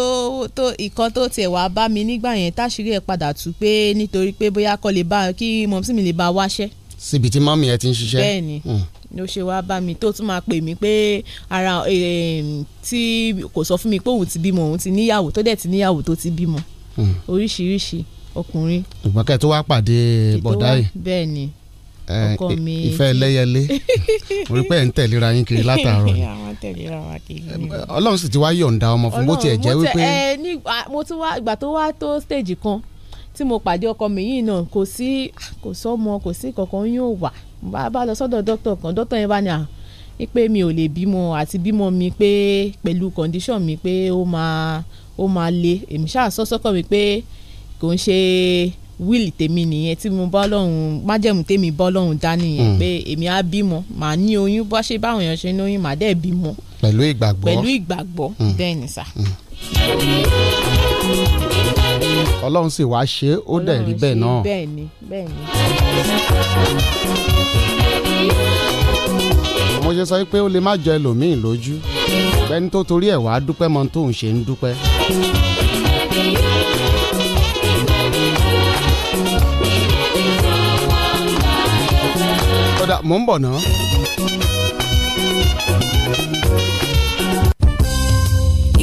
tó ìkan tó tiẹ̀ wá bá mi nígbà yẹn táṣírí ẹ̀ padà tú pé nítorí pé bóyá kọ́ lè bá kí mọ̀mísí mi lè bá wáṣẹ́. síbi tí mọ́mí ẹ ti ń ṣiṣẹ́. bẹ́ẹ̀ ni hmm ni ó ṣe wá bá mi tó tún máa pè mí pé ara ehm, tí kò sọ fún mi pé òun ti bímọ òun ti níyàwó tó dẹ̀ ti níyàwó tó ti bímọ hmm. oríṣiríṣi ọkùnrin. ìgbọ́n kẹ́ tó wá pàdé bọ̀dá yìí. bẹ́ẹ̀ ni ọkọ mi ìfẹ́ ẹlẹ́yẹlé orí pé ẹ̀ ń tẹ̀léra yín kiri látàárọ̀ ọlọ́run sì ti wá yọ̀ǹda ọmọ fún bó tiẹ̀ jẹ́ wípé. mo tún wá ìgbà tó wá tó stage kan tí mo pàdé ọkọ mi yìí náà kò sí kò sọ́mọ kò sí kankan yóò wà bá a bá lọ sọ́dọ̀ dókítà kan dókítà yẹn bá ní à pé mi ò lè bímọ àti bímọ mi pé pẹ̀lú condition mi pé ó máa ó máa le èmi ṣáà sọ sọ́kàn mi pé kò ń ṣe wíìlì tèmi nìyẹn tí mo bá Ọlọ́run májẹ̀mú tèmi bá Ọlọ́run dá nìyẹn hmm. pé èmi á bímọ màá ní oyún bá ṣe báwọn èèyàn ṣe ń lóyún màá dẹ̀ bímọ. pẹ̀lú ìgbàgbọ́ pẹ̀lú ìgbàgbọ́ hmm. bẹ́ẹ̀ ni sà. Mm ọlọ́run sì wá ṣe é ó dẹ̀ rí bẹ́ẹ̀ náà. mo ṣe sọ pé ó lè má jọ ẹlòmíín lójú bẹ́ni tó torí ẹ̀ wá dúpẹ́ mọ tóun ṣe ń dúpẹ́. kódà mò ń bọ̀ náà.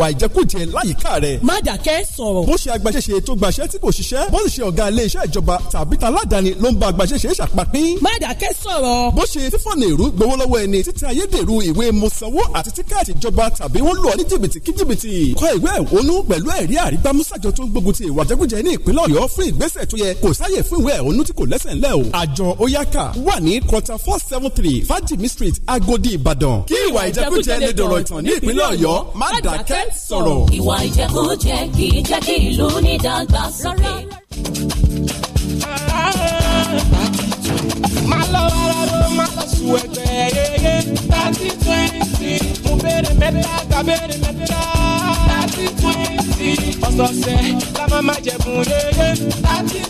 ìwà ìjẹkújẹ láyìíká rẹ̀. má dàkẹ́ sọ̀rọ̀. bó ṣe agbaṣẹ́ṣe tó gbaṣẹ́ tí kò ṣiṣẹ́ bó ṣe ọ̀gá ilé iṣẹ́ ìjọba tàbí taládàáni ló ń ba agbaṣẹ́ṣe ṣàpapín. má dàkẹ́ sọ̀rọ̀. bó ṣe fífọ́nà èrú gbowó lọ́wọ́ ẹni títí ayédèrú ìwé mọ̀sánwó àti tíkẹ́ẹ̀tì ìjọba tàbí wọ́n lù ní jìbìtì kí jìbìtì. kọ ìwé ẹ̀hónú pẹ̀lú ẹ̀rí àrígbámúsàjọ tó ń sọ̀rọ̀. ìwà ìjẹkújẹ kì í jẹ́ kí ìlú ní ìdàgbàsókè. máa lọ wàrà ló máa lọ sùn ẹgbẹ́ yeye thirty twenty mo béèrè mẹ́ta gba béèrè mẹ́ta thirty twenty ọ̀sọ̀ọ̀sẹ̀ la máa máa jẹ̀bùn yeye thirty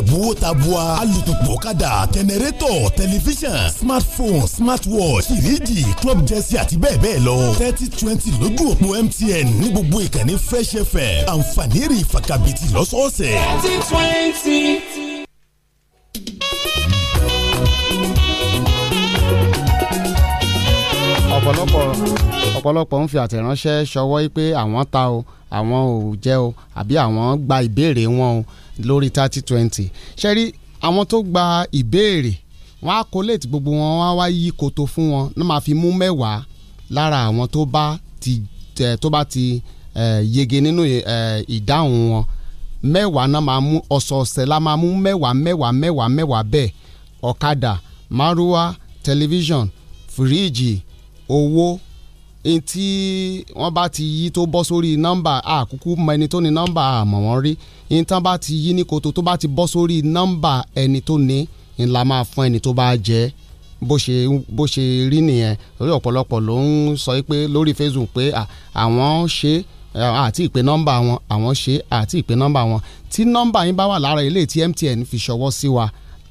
ẹ̀bùwó ta bua alùpùpù kàdà kẹnẹrétọ̀ tẹlifíṣàn smartphone smartwatch fìríjì club jẹ́sí àti bẹ́ẹ̀ bẹ́ẹ̀ lọ thirty twenty lójú òpó MTN ní gbogbo ìkànnì Fresh FM àǹfààní rè fàkàbìtì lọ́sọ̀ọ̀sẹ̀. thirty twenty. ọ̀pọ̀lọpọ̀ ọ̀pọ̀lọpọ̀ ń fi àtẹ̀ránṣẹ́ ṣọwọ́ pé àwọn ta o àwọn ò jẹ́ o àbí àwọn gba ìbéèrè wọn o lórí thirty twenty ṣẹ́rí àwọn tó gba ìbéèrè wọn á collate gbogbo wọn wọn á wá yí koto fún wọn náà máa fi mú mẹ́wàá lára àwọn tó bá ti tó bá ti yege nínú ìdáhùn wọn mẹ́wàá náà máa mú ọ̀sọ̀ọ̀sẹ̀ la máa mú mẹ́wàá mẹ́wàá mẹ́wàá mẹ́wàá bẹ́ẹ̀ ọ̀kadà márúwá tẹlifíṣàn fíríìjì owó tí wọ́n bá ti yí tó bọ́ sórí nọ́mbà àkúkú mọ ẹni tó ní nọ́mbà àmọ́ wọ́n rí ní tán bá ti yí ní koto tó bá ti bọ́ sórí nọ́mbà ẹni tó ní ńlá máa fún ẹni tó bá jẹ́ bó ṣe bó ṣe rí nìyẹn lórí ọ̀pọ̀lọpọ̀ ló ń sọ pé lórí Facebook pé àwọn ṣe àti ìpè nọ́mbà wọn àwọn ṣe àti ìpè nọ́mbà wọn tí nọ́mbà yín bá wà lára ilé tí MTN fi ṣọwọ́ sí wa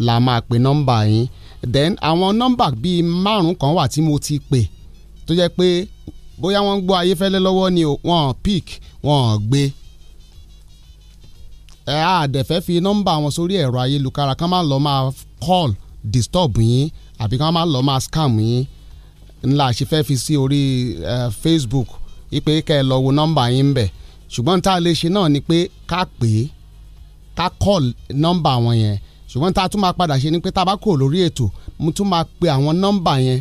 la máa pè nọ́mbà yín then àwọn nọ́mbà bíi márùn kan wà tí mo ti pè tó jẹ́ pé bóyá wọ́n ń gbọ́ ayéfẹ́lẹ́ lọ́wọ́ ni wọ́n pick wọ́n gbé ẹ á dẹ̀fẹ́ fi nọ́mbà wọn sórí ẹ̀rọ ayélujára kán máa lọ máa call disturb yín àbí kán máa lọ máa scam yín ńlá ṣe fẹ́ fi sí orí Facebook ipe kẹ́ ẹ lọ wo nọ́mbà yín ń bẹ̀ ṣùgbọ́n tá a lè ṣe náà ni pé ká pè é ká call nọ́mbà wọn yẹn ṣùgbọ́n tá a tún máa padà ṣe ni pé tá a bá kò lórí ètò mo tún máa pe àwọn nọ́mbà yẹn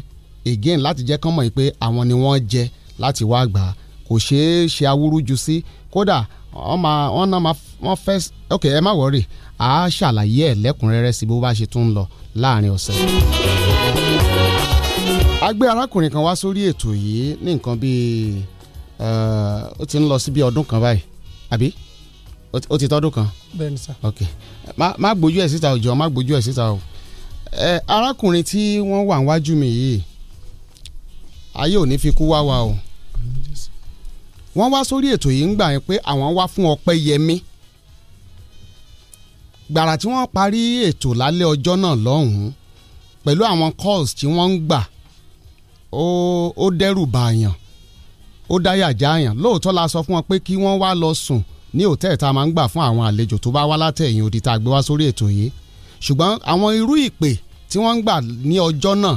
again láti jẹ́ kán mọ̀ pé àwọn ni wọ́n jẹ láti wá gbà á kò ṣeé ṣe awúrúju sí kódà wọ́n máa wọ́n náà máa wọ́n fẹ́ ok ẹ má wọ̀rì á ṣàlàyé ẹ̀ lẹ́kùnrẹ́rẹ́ sí bó bá ṣe tún ń lọ láàrin ọ̀sẹ̀. a gbé arákùnrin kan wá sórí ètò yìí ní nǹkan bíi eh, ó ti ń lọ sí bíi ọdún kan báyìí àbí ó ti tọ́dún kan. bẹ́ẹ̀ni sá. ok má gbójú ẹ̀ síta òjò má gbójú ẹ̀ síta o. Eh, arákùnrin tí wọ́n wà níwájú mi yìí ayé ò ní fi kú wá wa o wọ́n wá sórí ètò yìí ń gbà yín pé àwọn wá fún ọpẹ́ yẹmí gbàrà tí wọ́n parí ètò lálẹ́ ọjọ́ náà lọ́hùn-ún pẹ̀lú àwọn calls tí wọ́n ń gbà ó ó dẹ́rù bàyàn ó dáyà jáàyàn lóòótọ́ la sọ fún wọn pé kí wọ́n wá lọ sùn ní òtẹ́ẹ̀ tá a máa ń gbà fún àwọn àlejò tó bá wá látẹ̀yìn odi tá a gbé wá sórí ètò yìí ṣùgbọ́n àwọn irú ìpè tí wọ́n ń gbà ní ọjọ́ náà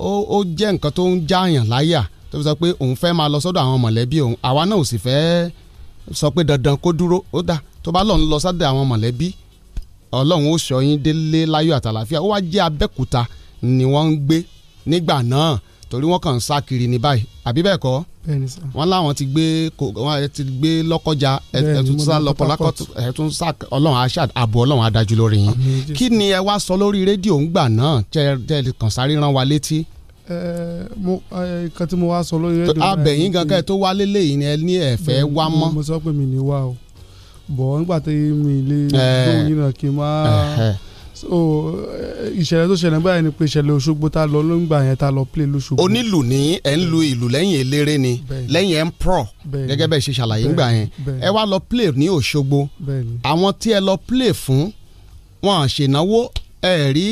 ó jẹ́ nǹkan tó ń jáàyàn láyà tó fi sọ pé òun fẹ́ máa lọ sọ́dọ̀ àwọn mọ̀lẹ́bí òun àwa náà ò sì fẹ́ sọ pé dandan kó dúró ó dà tó bá lọ́n lọ sọ́dọ̀ àwọn mọ̀lẹ́bí ọlọ́run ó sọ yín délé láyọ̀ àtàlàfíà ó wá jẹ́ abẹ́kúta ni wọ́n ń gbé nígbà náà torí wọ́n kàn ń sá kiri ní báyìí àbí bẹ́ẹ̀ kọ́ wọ́n láwọn ti gbé wọ́n ti gbé lọ́kọ́já ẹ̀tún sá lọ́pọ̀ lákọ́tún ẹ̀tún sá ọlọ́run aṣá àbò ọlọ́run adájú lórí yín kí ni ẹ wá sọ lórí rédíò ńgbà náà tẹ́ ẹ kàn sáré rán wa létí. nǹkan tí mo wá sọ lórí rédíò náà abẹ̀yìn gangan tó wá lélẹ́yìn ni ẹ ní ẹ̀fẹ́ wá mọ́. mo sọ pé mi ní wá o bọ̀ nígbà tí mi lè gbóhùn yìí náà kí n máa so eh, ìṣẹ̀lẹ̀ tó ṣẹlẹ̀ gbáyà ni pé ìṣẹ̀lẹ̀ Òṣogbo tá a lọ ló ń gbà yẹn tá lọ play lóṣogbo. onílù ni ẹ ń lu ìlù lẹ́yìn eléré ni lẹ́yìn ẹ̀ ń prọ̀ gẹ́gẹ́ bẹ́ẹ̀ ṣe ṣàlàyé ńgbà yẹn ẹ wá lọ play ní Òṣogbo àwọn tí ẹ lọ play fún wọn à ṣènáwó ẹ rí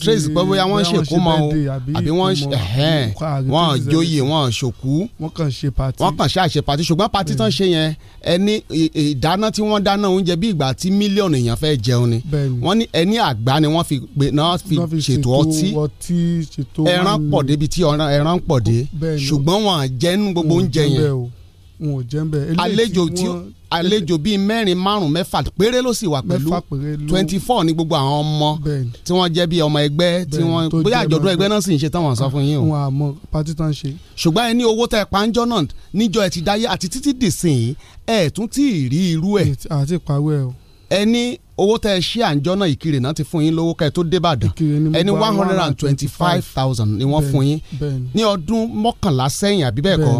trace pé bóyá wọ́n ń ṣèkó mọ́ o àbí wọ́n wọ́n joyè wọ́n ṣòkú wọ́n kàn ṣe pati wọ́n kàn ṣe pati ṣùgbọ́n pati tán ṣe yẹn ẹni ìdáná tí wọ́n dáná oúnjẹ bí ìgbà tí mílíọ̀nù èèyàn fẹ́ jẹun ni wọ́n ní ẹni àgbá ni wọ́n fi gbé náà fi ṣètò ọtí ẹran pọ̀ débi tí ẹran pọ̀ dé ṣùgbọ́n wọ́n jẹ́ nu gbogbo oúnjẹ yẹn wọn ò jẹ́ ń bẹ̀. àlejò tí àlejò bíi mẹ́rin márùn mẹ́fà péré ló sì wà pẹ̀lú twenty four ni gbogbo àwọn ọmọ tí wọ́n jẹ́ bíi ọmọ ẹgbẹ́ tí wọ́n bóyá àjọ̀dún ẹgbẹ́ náà sì ń ṣe táwọn sọ fún yín o. wọn àmọ́ pátí tán ṣe. ṣùgbọ́n ẹ ní owó tẹ pàǹjọ́ náà níjọ ẹ ti dáyé àti títí dìsìn ẹ tún tí ì rí irú ẹ. àti ìpàwẹ́ o. ẹ ní owó tẹ́ ẹ ṣí àǹjọ́ náà ìkirè náà ti fún yín lówó kẹ́ ẹ tó débàdàn ẹni one hundred and twenty five thousand ni wọ́n fún yín ní ọdún mọ́kànlá sẹ́yìn àbí bẹ́ẹ̀ kọ́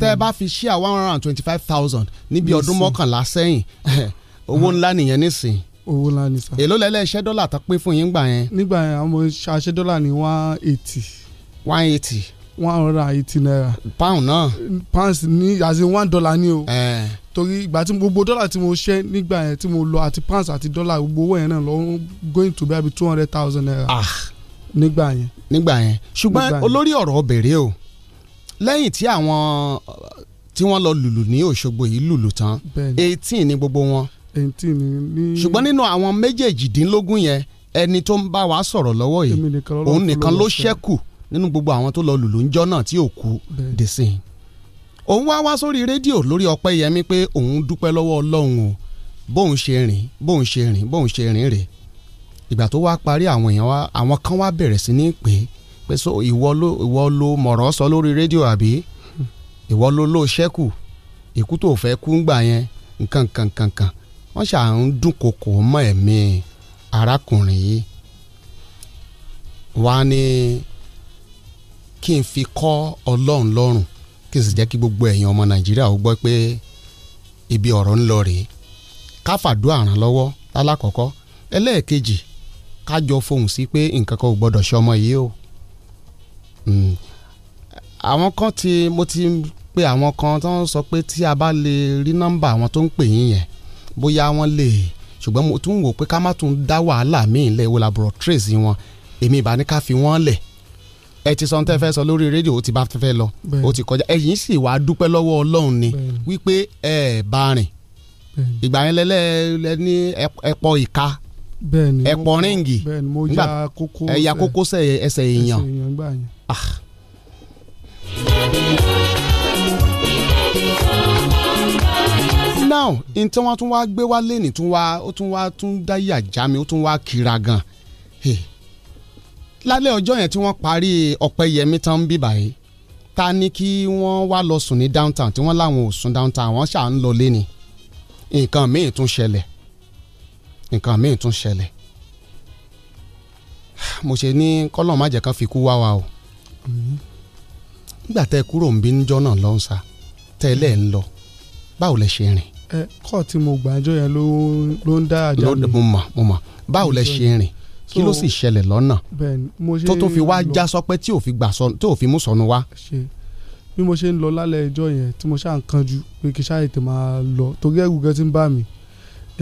tẹ́ ẹ bá fi ṣí à one hundred and twenty five thousand níbi ọdún mọ́kànlá sẹ́yìn owó ńlá nìyẹn nísìnyí owó ńlá ni sá. èló lẹ́lẹ́ iṣẹ́ dọ́là tán pé fún yín gbà yẹn. nígbà yẹn àwọn aṣẹ dọ́là ni one eighty. one eighty. one hundred and eighty naira. pound náà. pounds ní as one dollar ni o. Eh torí ìgbà tí gbogbo dọ́là tí mo ṣẹ́ nígbà yẹn tí mo lọ àti pounds àti dọ́là gbogbo owó yẹn náà lọ going to be two hundred thousand naira ah. nígbà yẹn. nígbà yẹn ṣùgbọ́n olórí ọ̀rọ̀ bèrè o lẹ́yìn tí àwọn tí wọ́n lọ lùlù ní Òṣogbo yìí lùlù tán eighteen ni gbogbo wọn eighteen ni. ṣùgbọ́n nínú àwọn méjèèjìdínlógún yẹn ẹni tó ń bá wa sọ̀rọ̀ lọ́wọ́ yìí òun nìkan ló ṣẹ́kù nínú gbogbo àwọn tó lọ lùlù ńjọ́ náà tí ò kú dèsìn òun wá wá sórí rédíò lórí Ọpẹ́yẹmí pé òun dúpẹ́ lọ́wọ́ Ọlọ́run o bóun ṣe rìn bóun ṣe rìn bóun ṣe rìn rè ìgbà tó wá parí àwọn èèyàn wa àwọn kan wá bẹ̀rẹ̀ sí ní pé pé so ìwọ ló ìwọ ló mọ̀rọ̀ sọ lórí rédíò àbí ìwọ ló ló ṣẹ́kù ìkú tó fẹ́ kú ń gbà yẹn nǹkan nǹkan nǹkan nǹkan wọ́n ṣà ń dúnkokò mọ́ ẹ̀mí arákùnrin yìí wá ní kí n fi kọ́ Ọlọ́run lọ́rùn kì í sì jẹ́ kí gbogbo ẹ̀yin ọmọ nàìjíríà ó gbọ́ pé ibi ọ̀rọ̀ ń lọ rèé ká fàdúrà ràn lọ́wọ́ lálákọ̀ọ́kọ́ ẹlẹ́ẹ̀kejì ká jọ fohùn sí pé nǹkan kan ò gbọ́dọ̀ ṣe ọmọ yìí o hmm. àwọn kan tí mo ti pe àwọn kan tó ń sọ pé tí a bá lè rí nọ́mbà àwọn tó ń pè yín yẹn bóyá wọ́n lè ṣùgbọ́n mo tún wò pé ká má tún dá wàhálà míì lẹ́wọ́ laboratories wọn èmi ìbá fi wọ́n lẹ̀ ẹ ti sọ ní tẹ́ fẹ́ sọ lórí rédíò ó ti bá fẹ́ lọ ó ti kọjá ẹ̀yin sì wá dúpẹ́ lọ́wọ́ Ọlọ́run ni wípé ẹ bá rìn ìgbà yẹn lẹ́lẹ́ ní ẹ̀pọ̀ ìka ẹ̀pọ̀ ríǹgì ẹ̀yà kókó ẹsẹ̀ èèyàn ah. now n tí wọ́n tún wá gbé wá lẹ́nìí tún wá ó tún wá tún dáyà já mi ó tún wá kira gan. Hey lálẹ́ ọjọ́ yẹn tí wọ́n parí ọ̀pẹ̀yẹmí tán ń bì báyìí ta ni kí wọ́n wá lọ sùn ní downtown tí wọ́n láwọn ò sùn downtown àwọn ṣà ń lọ lé ni nǹkan míì tún ṣẹlẹ̀ nǹkan míì tún ṣẹlẹ̀ mo ṣe ní kọ́lọ̀ má jẹ́ ká fi kú wá wa o nígbà tẹ kúrò ń bí níjọ́ náà lọ́n sa tẹ́lẹ̀ ń lọ báwo lẹ ṣe rìn. ẹ kọ́ọ̀tì mo gbàjọ yẹn ló ń dá àjà mi. báwo lẹ ṣe rìn kí ló sì ṣẹlẹ̀ lọ́nà tó tó fi wá já sọpẹ́ tí ò fi gbà sọnù tí ò fi mú sọnù wá. bí mo ṣe ń lọ lálẹ́ ẹjọ́ yẹn tí mo ṣáà ń kanjú pé kí ṣáà ètè máa lọ torí ẹ̀rù gan ti ń bà mí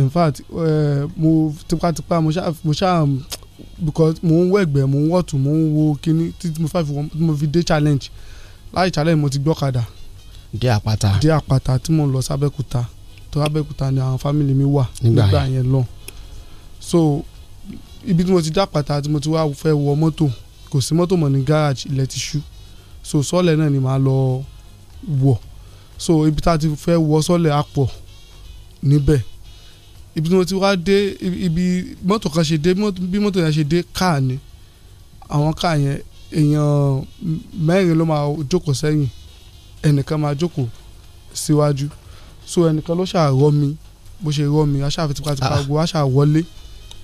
in fact mo tipátipá mo ṣáà because mo ń wẹ̀gbẹ́ mo ń wọ̀tún mo ń wo kíní títí mo fi dé challenge láì challenge mo ti gbọ́kadà. dé àpáta dé àpáta tí mo lọ sábẹ́kúta tó sábẹ́kúta ni àwọn fámìlì mi wà nígbà yẹn lọ so ibi tí mo ti dápàtà tí mo ti wá fẹ́ wọ mọ́tò kò sí mọ́tò mọ́ ní garage ilẹ̀ ti ṣú so sọ́ọ̀lẹ̀ náà ni màá lọ wọ̀ so ibi tá a ti fẹ́ wọ sọ́ọ̀lẹ̀ á pọ̀ níbẹ̀ ibi tí mo ti wá dé ibi mọ́tò kan ṣe dé bí mọ́tò yẹn ṣe dé káà ni àwọn káà yẹn èèyàn mẹ́rin ló máa jókòó sẹ́yìn ẹnìkan máa jókòó síwájú so ẹnìkan ló ṣàrọ́ mi bó ṣe rọ́ mi aṣáà fi tipátipá gbó ah. aṣáà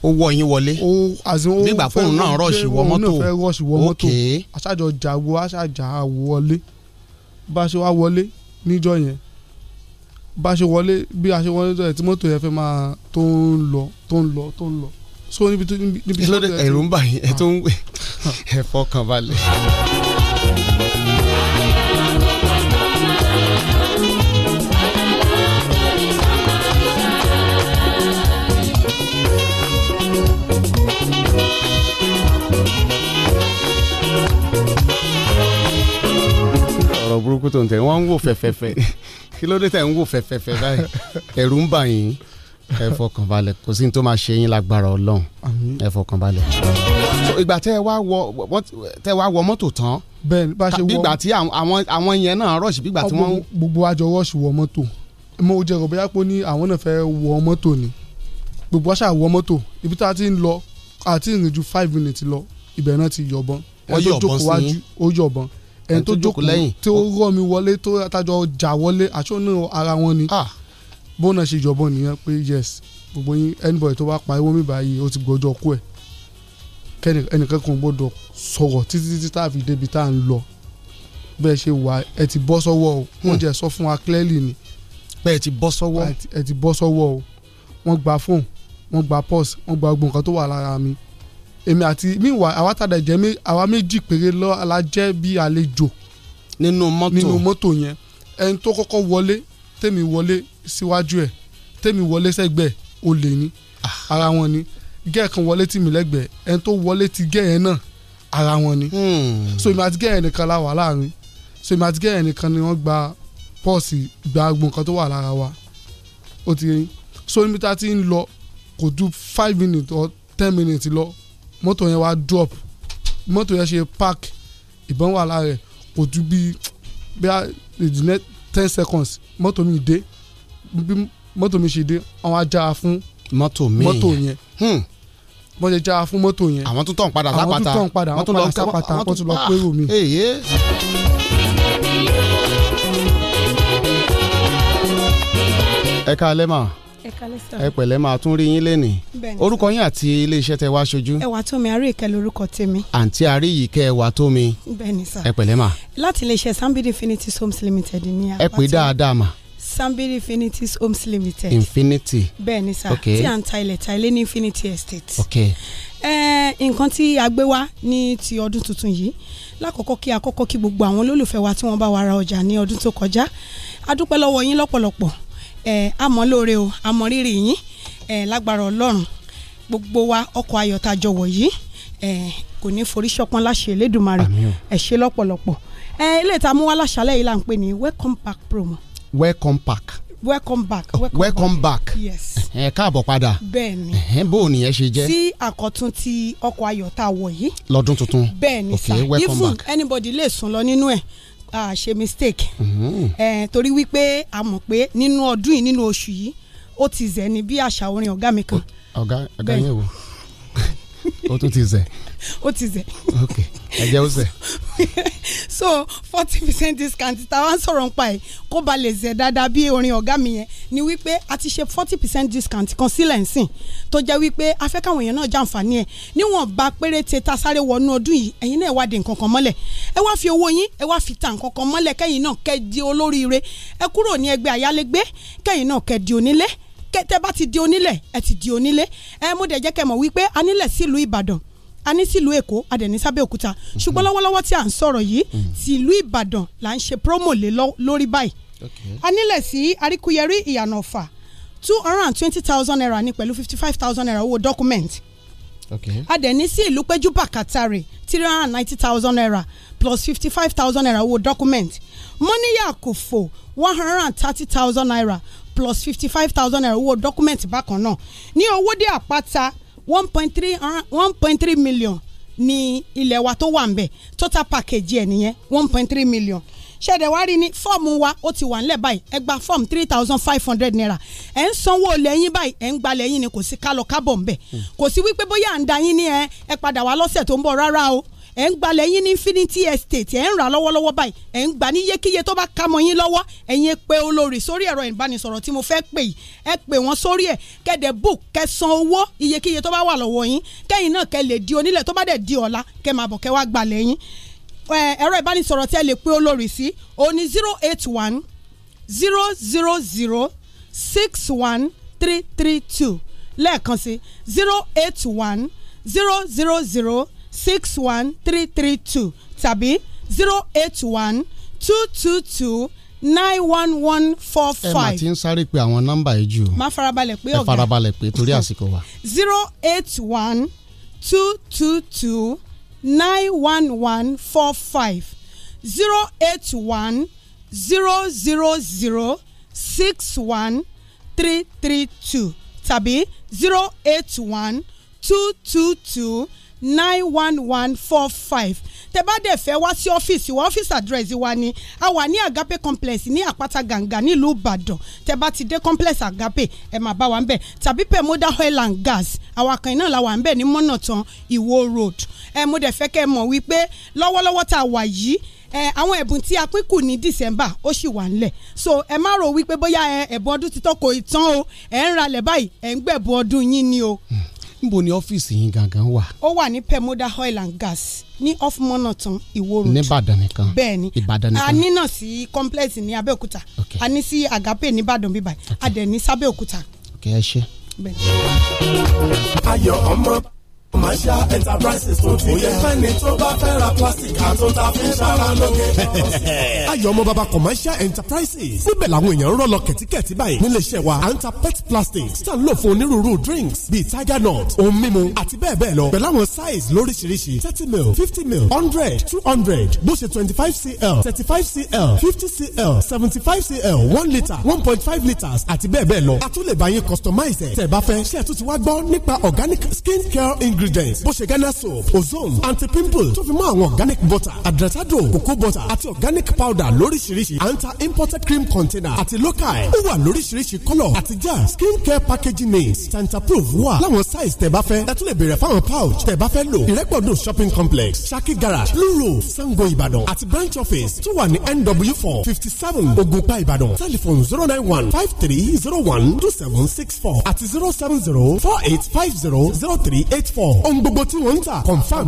ó wọ yín wọlé nígbà fóun náà rọ̀ṣì wọ mọ́tò òun fẹ́ rọ̀ṣì wọ mọ́tò aṣáájọ jàwo aṣáájà wọlé bá a ṣe wá wọlé níjọ́ yẹn bá a ṣe wọlé bí a ṣe wọlé níjọ́ yẹn tí mọ́tò yẹn fẹ́ máa tó ń lọ tó ń lọ tó ń lọ so níbi tó níbi tó. ẹ̀rù ń bà yín ẹ̀ ah. tó ń ẹ̀ fọkàn balẹ̀. burúkú tó ń tẹ̀ wọ́n ń wò fẹ̀fẹ̀fẹ̀ kí ló dé tẹ̀ ń wò fẹ̀fẹ̀fẹ̀ báyìí ẹ̀rù ń bà yín ẹ fọkàn balẹ̀ kò sí ní tó máa ṣe yín lágbára ọlọ́run ẹ fọkàn balẹ̀. ìgbà tẹ́ ẹ wá wọ tẹ́ ẹ wá wọ mọ́tò tán bẹ́ẹ̀ bá ṣe wọ bígbà tí àwọn yẹn náà rọ̀ṣì bígbà tí wọ́n. gbogbo àjọ rọ̀ṣì wọ mọ́tò mo jẹ́ rò bóyá pé ní àwọn náà fẹ́ wọ mọ́tò ni gbogbo àṣà wọ mọ́tò ibi tá a ti ń lọ àti ìrìn ju five minutes lọ ibẹ̀ náà ti yọ̀bọ̀n. wọ́n yọ̀bọ̀n sí i ó yọ̀bọ̀n ẹni tó jókòó lẹ́yìn tí ó rọ́ mi wọlé tó tájọ jà wọlé àṣọ́nà ara wọn ni bọ́nà ṣe jọ̀bọ̀ nìyẹn pé yes gbogbo yín anybody tó bá pariwo mi báyìí ó ti gbọ́jọ́ kú ẹ̀ kẹ́nìkan kan gbọ́dọ̀ sọ̀rọ̀ títí títí tá a fi débi tá a ń lọ bẹ́ẹ̀ ṣe wà ẹ ti bọ́ sọ́wọ́ o wọ́n jẹ́ sọ fún wa clearly ni. bẹ́ẹ̀ ti bọ́ sọ́wọ́ ẹ ti bọ́ sọ́wọ́ o wọ́n gba fóònù wọ́n gba pọ́s wọ́n gba gbogbo tó wà lára mi èmi àti míwà àwa tàdà jẹ́ àwa méjì péré lọ alájẹ́ bí àlejò nínú mọ́tò nínú mọ́tò yẹn ẹni tó kọ́kọ́ wọlé tèmi wọlé síwájú ẹ̀ tèmi wọlé sẹ́gbẹ̀ẹ́ olè ni ah. ara wọn ni gẹ́ẹ̀ kan wọlé tì mí lẹ́gbẹ̀ẹ́ ẹni tó wọlé ti gẹ́ẹ̀ náà ara wọn ni hmm. so èmi àti gẹ́ẹ̀ nìkan la wà láàrin so èmi àti gẹ́ẹ̀ nìkan ni wọ́n gba pọ́ọ̀sì gba gbogbo nǹkan tó wà lára wa ó ti yẹn so níbi tá a ti ń lọ kò ju five minutes or ten minutes lọ mọ́tò yẹn wá drop mọ́tò yẹn ṣe park ìbọn wà lára rẹ̀ kò ju bíi bíi ten seconds mọ́tò mi dé bí mọ́tò mi ṣe dé àwọn ajára fún mọ́tò mi mọ́tò yẹn hmm. wọ́n ṣe jára fún mọ́tò yẹn. àwọn tó tàn padà sápàtà àwọn tó tàn padà àwọn padà sápàtà wọ́n tún lọ pérò ah, mi. ẹ ká lẹ́mọ̀ ẹ pẹ̀lẹ́ máa tún rí yín lénìí orúkọ yín àti iléeṣẹ́ tẹ wá ṣojú. ẹwà tó mi àárẹ̀ ìkẹ́ lorúkọ tèmi. àǹtí àríyí kẹ́ ẹwà tó mi. sá ẹ pẹ̀lẹ́ mà. láti iléeṣẹ́ Sambid Infinity Homes Limited ní apá. ẹ pè dáadáa mà. Sambid Infinity Homes Limited. Infinity. bẹ́ẹ̀ni sá okay. tí à ń ta ilẹ̀ ta ilé ní Infinity Estate. okay. ẹ nǹkan tí a gbé wá ní ti ọdún tuntun yìí lákọ̀ọ́kọ́ kí akọ́kọ́ kí gbogbo àwọn olólùfẹ́ wa tí wọ́n bá wa ra ọjà ní ọdún tó kọjá a dúpẹ́ lọ́wọ́ yín lọ́pọ̀lọpọ̀ àmọ́ lóore o àmọ́ rírì yín lágbára ọlọ́run gbogbo wa ọkọ̀ ayọ̀ tá a jọ wọ̀ yìí kò ní forí ṣọpọ́n láṣẹ Elédùmarè ẹ ṣé lọ́pọ̀lọpọ̀ ilé ìta mú wá láṣálẹ́ yìí là ń pè ní welcome back promo. welcome back. welcome back. Oh, welcome, back. yes. ẹ káàbọ̀ padà. bẹ́ẹ̀ni. bó o nìyẹn ṣe jẹ́. sí àkọ́tún ti ọkọ̀ ayọ̀ tá a wọ̀ yìí. lọ́dún tuntun. bẹ́ẹ̀ni sá okay welcome back. even anybody lè sùn lọ nínú ẹ̀ a ṣe mistake mm-hmm. ẹ torí wípé a mọ̀ pé nínú ọdún yìí nínú oṣù yìí ó ti zẹ̀ ni bí àṣà orin ọ̀gá mi kan. ọ̀gá ọ̀gá yẹn wo ó tún ti zẹ̀ ó ti zẹ̀. ok ẹ̀jẹ̀ ó zẹ̀. so forty percent discount táwa ń sọ̀rọ̀ nípa ẹ̀ kó ba lè zẹ̀ dáadáa bí orin ọ̀gá mi yẹn ni wípé a ti ṣe forty percent discount kan sílẹ̀ ń sìn tó jẹ́ wípé a fẹ́ káwọn èèyàn náà jàǹfààní ẹ̀ níwọ̀n bá péréte ta sáré wọnú ọdún yìí ẹ̀yin náà wá de nǹkan kan mọ́lẹ̀ ẹ wá fi owó yín ẹ wá fi ta nǹkan kan mọ́lẹ̀ kẹ́yìn náà kẹ́ di olóríire ẹ kúrò ní ẹgbẹ́ àyálégbé kẹ́yìn náà kẹ́ di onílé kẹ́tẹ́ bá ti di onílẹ̀ ẹ ti di onílé ẹ mú dẹ̀ jẹ́ kẹ́ mọ̀ wípé anílẹ̀ sílùú Ìbàdàn a ní sílùú èkó a dẹ̀ ní sábẹ́òkúta ṣùgbọ́n lọ́wọ́lọ́wọ́ tí à ń sọ̀rọ̀ yìí hmm. tìlú ìbàdàn là ń ṣe promo lé lórí báyìí a nílẹ̀ sí aríkúyẹrí ìyànà ọ̀fà two hundred and twenty thousand naira ní pẹ̀lú fifty five thousand naira owó document a dẹ̀ ní sí ìlú péjú bàkàtàrè three hundred and ninety thousand naira plus fifty five thousand naira owó document mọ́níyà kòfò one hundred and thirty thousand naira plus fifty five thousand naira owó document bákan náà ní owóde àpáta Uh, one point three million ni ilẹ̀ wa tó wà ń total package ẹ̀ nìyẹn one point three million ṣẹ̀dẹ̀ wá rí ni fọ́ọ̀mù wa ó ti wà ńlẹ̀ báyìí ẹ gba fọ́ọ̀mù three thousand five hundred naira ẹ̀ ń sanwó lẹ́yìn báyìí ẹ̀ ń gba lẹ́yìn ni kò sí kálọ̀ kábọ̀ ńbẹ̀ hmm. kò sí wípé bóyá à ń da yín ní ẹ ẹ padà wá lọ́sẹ̀ tó ń bọ̀ rárá o ẹ̀ ń gbalẹ̀ yín ní Infinity Estate ẹ̀ ń rà lọ́wọ́lọ́wọ́ báyìí ẹ̀ ń gbà ní yékéyé tó bá kámọ́ yín lọ́wọ́ ẹ̀yin pé olórí sórí ẹ̀rọ ìbánisọ̀rọ̀ tí mo fẹ́ pè yìí ẹ pè wọ́n sórí ẹ̀ kẹ́dẹ̀ book kẹsan owó iyekíye tó bá wà lọ́wọ́ yín kẹ́yìn náà kẹ́ lè di onílẹ̀ tó bá dẹ̀ di ọ̀la kẹ́ máa bọ̀ kẹ́ wá gbalẹ̀ yín ẹ̀rọ ìbánisọ̀rọ̀ tí ẹ lè pè olórí sí òní zero eight one zero zero zero six one three three two lẹ́ẹ̀kan sí zero eight one zero zero zero six one three three two tàbí zero eight one two two two nine one one four five. ẹ mà ti ń sáré pé àwọn nọ́mbà yìí jù. má farabalẹ̀ pé ọ̀gá ẹ farabalẹ̀ pé torí àsìkò wa. zero eight one two two two nine one one four five zero eight one zero zero zero six one three three two tàbí zero eight one two two two nine one one four five tẹ́ bá dẹ̀ fẹ́ wá sí ọ́fíìsì wa ọ́fíìsì address wa ni a wà ní agape complex ní àpáta gàǹgà nílùú ìbàdàn tẹ́ bá ti dé complex agape ẹ̀ máa bá wa ń bẹ̀ tàbí pẹ̀mọ́dà oil and gas àwọn àkànní náà la wà ń bẹ̀ ní mọ́nàtàn ìwó road ẹ̀ mo dẹ̀ fẹ́ kẹ́ ẹ mọ̀ wípé lọ́wọ́lọ́wọ́ tá a wà yìí àwọn ẹ̀bùn tí a pín kù ní December ó sì wà ńlẹ̀ so ẹ má ro wípé bóyá ẹ̀bùn ọdún títọ́ kò ì tán o ẹ̀ ń ralẹ̀ báyìí ẹ̀ ń gbẹ̀bùn ọdún yín ni o hmm níbo ni ọ́fíìsì yín gangan wà. ó wà ní Pemoda oil and gas ní off Monoton Iwo Road. nìbàdàn nìkan bẹ́ẹ̀ ni Ìbàdàn nìkan a ní náà sí complex ní Abẹ́òkúta a ní sí Agape nìbàdàn bíbáyìí a dẹ̀ ní sábẹ́òkúta. ok ẹ ṣe. ayọ̀ ọmọ Masha Enterprises tó ti yẹ fẹ́ni tó bá fẹ́ ra plastic àtúntò àfi sára lóge. ayọ̀ ọmọ baba commercial enterprises síbẹ̀ làwọn èèyàn ń rọ́lọ kẹ̀tíkẹ̀tí báyìí nílé iṣẹ́ wa anta pet plastic. tá a lò fún onírúurú drinks bíi tiger nut ohun mímu àti bẹ́ẹ̀ bẹ́ẹ̀ lọ pẹ̀lú àwọn size lóríṣiríṣi thirty mil fifty mil hundred two hundred bó ṣe twenty five cl thirty five cl fifty cl seventy five cl one litre one point five litres àti bẹ́ẹ̀ bẹ́ẹ̀ lọ a tún lè bá yín customize ẹ̀ tẹ̀ bá fẹ́ ṣe é tún ti wá gbọ́ nípa organic skin care ingredients ingredients bó ṣe Ghana soap ozone anti-pimple tó fi mọ́ àwọn organic butter adretado cocoa butter àti organic powder lóríṣiríṣi à ń imported cream container àti local ó wà lóríṣiríṣi colour àti jar skin care packaging names Santaproof wà láwọn size tẹ́ bá fẹ́ ẹ tún lè béèrè fáwọn pouch tẹ́ bá fẹ́ lò ìrẹ́pọ̀dùn shopping complex Saki garage Blue Road Sango Ìbàdàn àti branch office tó wà ní NW four fifty seven Ògùnpa Ìbàdàn telephone zero nine one five three zero one two seven six four àti zero seven zero four eight five zero zero three eight four bọ̀ ohun gbogbo tí wọ́n ń tà confam.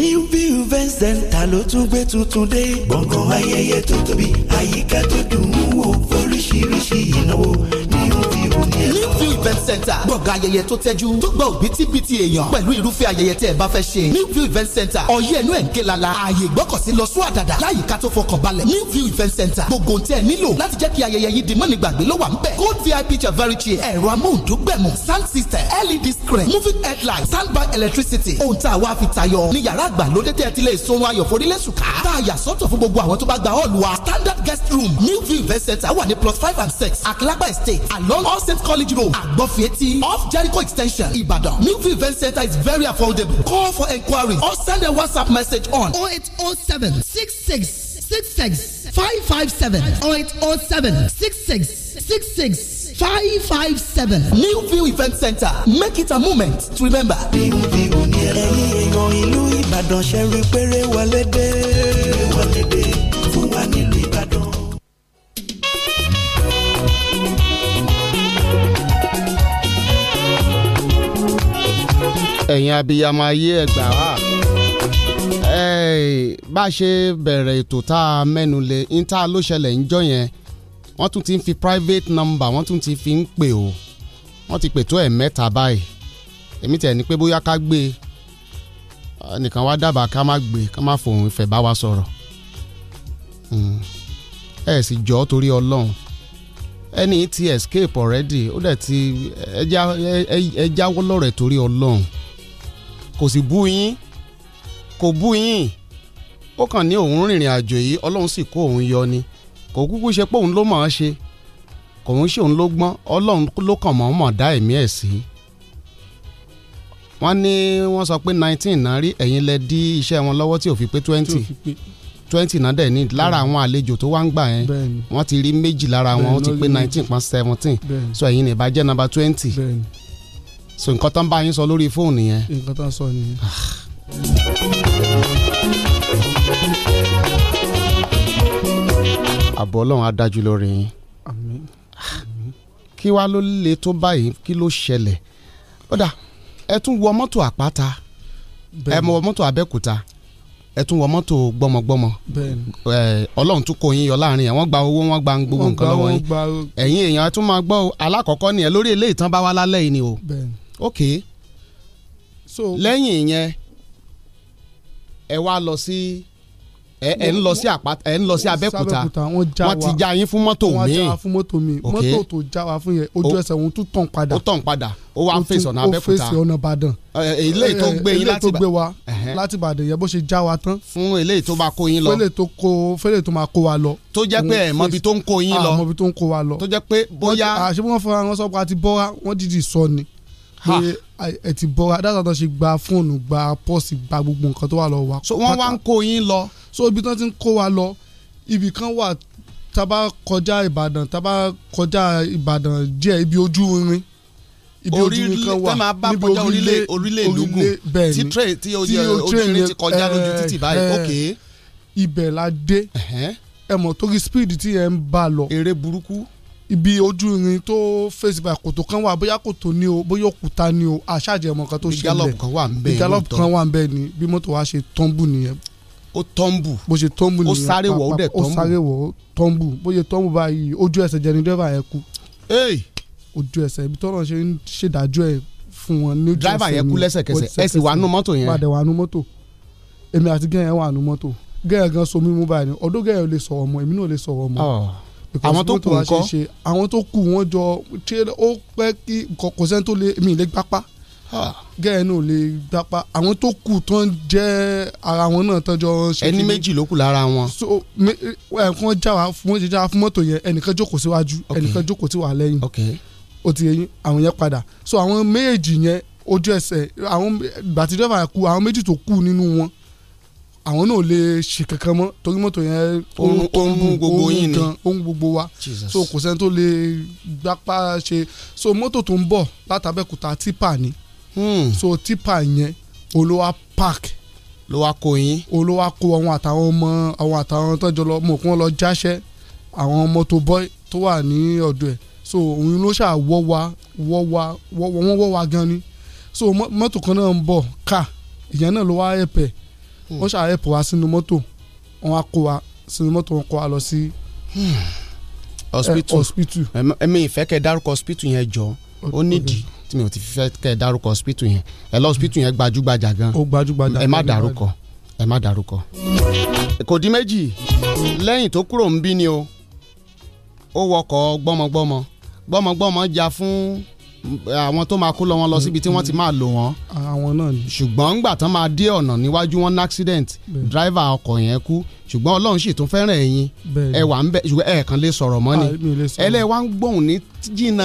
new view event center ló tún gbé tuntun dé gbọ̀ngàn ayẹyẹ tó tóbi àyíká tó dùn ún wò oríṣiríṣi ìnáwó ní Newview event center gbọ̀ngàn ayẹyẹ tó tẹ́jú tó gbọ́ òbítíbitì èèyàn pẹ̀lú irúfẹ́ ayẹyẹ tẹ́ ẹ bá fẹ́ ṣe Newview event center ọyẹ́ ẹnu ẹ̀ ń ké lala ààyè ìgbọ́kọ̀sí lọ sún àdàdà láyìíká tó fọkàn balẹ̀ Newview event center gbogbo tẹ́ ẹ nílò láti jẹ́ kí ayẹyẹ yìí di mọ́ni ló wà ń bẹ̀ gold vip chavary chair ẹ̀rọ amóhùndógbẹ̀mù sound system led screen moving headlight standby electricity ohun tá a wá fi tayọ ní yàrá àgbàlódé tẹ́ ẹ ti lè sunrun ayọ̀ hall wa standard guest room Newview event center wà plus five and six àkìlágbà estate along all state college road agbofieti off jericho extension ibadan new event center is very affordable call for enquiry or send a whatsapp message on 0807 66 66 557 0807 66 66 557 new view event center make it a moment to remember. bíhùn bíhùn ni ẹ̀yin èèyàn ìlú ìbàdàn ṣe péré wọlé dé. wọlé dé ẹ̀yin abiyamọ ayé ẹgbà wá bá a ṣe bẹ̀rẹ̀ ètò tá a mẹ́nu lé níta ló ṣẹlẹ̀ ń jọ yẹn wọ́n tún ti fi private number wọ́n tún ti fi ń pè o wọ́n ti pè tó ẹ̀ mẹ́ta báyìí èmi tẹ̀ ní pé bóyá ká gbé e. nìkan wá dábàá ká má gbé e, ká má fòun ìfẹ́ bá wa sọ̀rọ̀ hmm. ẹ sì jọ torí ọlọ́run ẹni tí escape already ó dẹ̀ ti ẹ jáwọ́ lọ́rẹ̀ torí ọlọ́run kò sì bú yín kò bú yín ó kàn ní òun rìnrìn àjò yìí ọlọ́run sì kó òun yọ ni kò kúkú ṣe pé òun ló mọ̀ ọ́n ṣe kò ń ṣe òun ló gbọ́n ọlọ́run ló kàn mọ̀ ọ́n mọ̀ dá ẹ̀mí ẹ̀ sí. wọ́n ní wọ́n sọ pé nineteen náà rí ẹ̀yin lẹ dí iṣẹ́ wọn lọ́wọ́ tí ò fi pé twenty twenty náà dẹ̀ ní lára àwọn àlejò tó wá ń gbà yẹn wọ́n ti rí méjì lára wọn ó ti pé nineteen pọ́n seventeen so ẹ̀yin ní ìbá number twenty so nǹkan tán bá yín sọ lórí fóònù yẹn. nǹkan tán sọ nìyẹn. Ah. àbọ̀ ọlọ́run á dájú lórí yín. àmín. Ah. kí wàá ló le tó báyìí kí ló ṣẹlẹ̀ ó dà ẹ tún wọ mọ́tò àpáta ẹ wọ mọ́tò àbẹ́kúta ẹ tún wọ mọ́tò gbọmọgbọmọ eh, ọlọ́run tún kó yín yọ láàrin ẹ̀ wọ́n gba owó wọ́n gba gbogbo nǹkan lọ́wọ́ yín ẹ̀yin èèyàn ẹ tún máa gbọ́ alákọ̀ọ́kọ́ nìyẹn lórí eléyìí tán bá wá lálẹ́ yìí ni o ok so lẹ́yìn ìyẹn ẹ wá lọ sí ẹ ń lọ sí àpáta ẹ ń lọ sí abẹ́kúta wọ́n ti já yín fún mọ́tò mi wọ́n já wa fún mọ́tò mi mọ́tò tó já wa fún yẹn ojú ẹsẹ̀ òun tún tàn padà ó tàn padà ó wá ń fèsì ọ̀nà abẹ́kúta ó fèsì ọ̀nà Ìbàdàn eléyìí tó gbé yín láti gbé wa láti Ìbàdàn yẹn bó ṣe já wa tán fún eléyìí tó bá kó yín lọ fẹ́lẹ̀ tó kó fẹ́lẹ̀ tó máa kó wa lọ tó jẹ́ pé ẹ̀ tó ń kó yín ah, lọ tó jẹ́ pé bóyá àṣebí pé ẹ ti bọ́ adájọ́ tó ṣe gba fóònù gba pọ́ọ̀sì gba gbogbo nǹkan tó wà lọ́wọ́ wa. so wọ́n wá ń kó yín lọ. so ibi tán ti ń kó wa lọ ibì kan wà tábà kọjá Ìbàdàn tábà kọjá Ìbàdàn díẹ̀ ibi ojú irin ibi ojú irin kan wà níbi orílẹ̀ orílẹ̀ ìlúgùn tí train tí ojú irin ti kọjá lójú eh, títì báyìí eh, ok. ibẹ̀ la dé ẹ mọ̀ torí speed tí ẹ ń bá lọ. eré burúkú ibi ojú irin tó fèsì báyìí kòtò kan wà bóyá kòtò ni o bóyá òkúta ni o àṣàjẹmọ kan tó ṣẹlẹ̀ ìgálọ̀pù kan wà ń bẹ́ẹ̀ ìgálọ̀pù kan wà ń bẹ́ẹ̀ ni bí mọ́tò wa ṣe tọ́ǹbù nìyẹn. ó tọ́ǹbù bó ṣe tọ́ǹbù nìyẹn ó sáré wọ̀ ó dẹ̀ tọ́ǹbù ó sáré wọ̀ ó tọ́ǹbù bó ṣe tọ́ǹbù báyìí ojú ẹsẹ̀ jẹni dẹ́fà yẹn kú. ojú ẹsẹ̀ ibi tọ́rọ̀ ṣe ń ṣèdájọ́ ẹ̀ fún wọn ní ojú ẹsẹ̀ ni dráìvà wà nù mọ́tò yẹn. padà gan so mímú báyìí ọdún gẹ́yẹn ò lè sọ̀rọ̀ mọ́ èmi náà ò lè sọ̀rọ̀ mọ́. Ah àwọn tó kù ńkọ́ àwọn tó kù wọ́n jọ ó pẹ́ kí kò tó lè mi lè gbápá gẹ́ẹ̀nù lè gbápá àwọn tó kù tó ń jẹ́ ara wọn náà tọ́jọ́ ṣe kí ni ẹni méjì ló kù lára wọn. so ẹ̀kan eh, já wa fún ṣe já wa fún mọ́tò yẹn ẹnìkan jókòó síwájú ẹnìkan jókòó sí wa lẹ́yìn ó ti yẹn àwọn yẹn padà so àwọn méjì yẹn ojú ẹsẹ̀ àwọn gbàtí dẹ́fà kú àwọn méjì tó kù nínú wọn àwọn náà lè ṣe kankan mọ́ torí mọ́tò yẹn ohun gbogbo yín ni ohun gbogbo wa so kò sẹ́ni tó lè gbapá ṣe so mọ́tò tó ń bọ̀ látàbẹ̀kúta tipa ni hmm. so tipa yẹn olówá park ló wá kó yín olówá kó àwọn àtàwọn ọmọ àwọn àtàwọn tọ́jọ́ lọ mọ̀ kí wọ́n lọ jáṣẹ́ àwọn mọ́tò bọ́ì tó wà ní ọ̀dọ̀ ẹ̀ so òun ló ṣáà wọ́ wa wọ́ wa wọ́n wọ́ wa gan ni so mọ́tò kan náà ń bọ̀ ká ìyẹn náà ló wá ẹ̀pẹ̀ wọ́n ṣàrẹ́pù wa sínú mọ́tò wọ́n á kó wa sínú mọ́tò wọn kó wa lọ sí hospital eh, ẹ̀mí ìfẹ́ dárúkọ hospital yẹn jọ ó nídìí tí mi ò ti fẹ́ kẹ́ dárúkọ hospital yẹn ẹ lọ hospital yẹn gbajúgbajà gan ó gbajúgbajà ẹ má dárúkọ ẹ má dárúkọ. kò dín méjì lẹ́yìn tó kúrò ń bí ni o ó wọkọ̀ gbọ́mọgbọ́mọ gbọ́mọgbọ́mọ jà fún àwọn tó máa kó lọ wọn lọ mm, síbi tí wọ́n ti mm. máa lò wọ́n. àwọn náà ni. ṣùgbọ́n ńgbà tán máa dé ọ̀nà níwájú wọn ní accident driver ọkọ̀ yẹn kú ṣùgbọ́n ọlọ́run sì tún fẹ́ràn ẹ̀yin ẹ wà ń bẹ ṣùgbọ́n ẹ kàn lè sọ̀rọ̀ mọ́ ni ah, ẹlẹ́wà ń gbóhùn ní jìnnà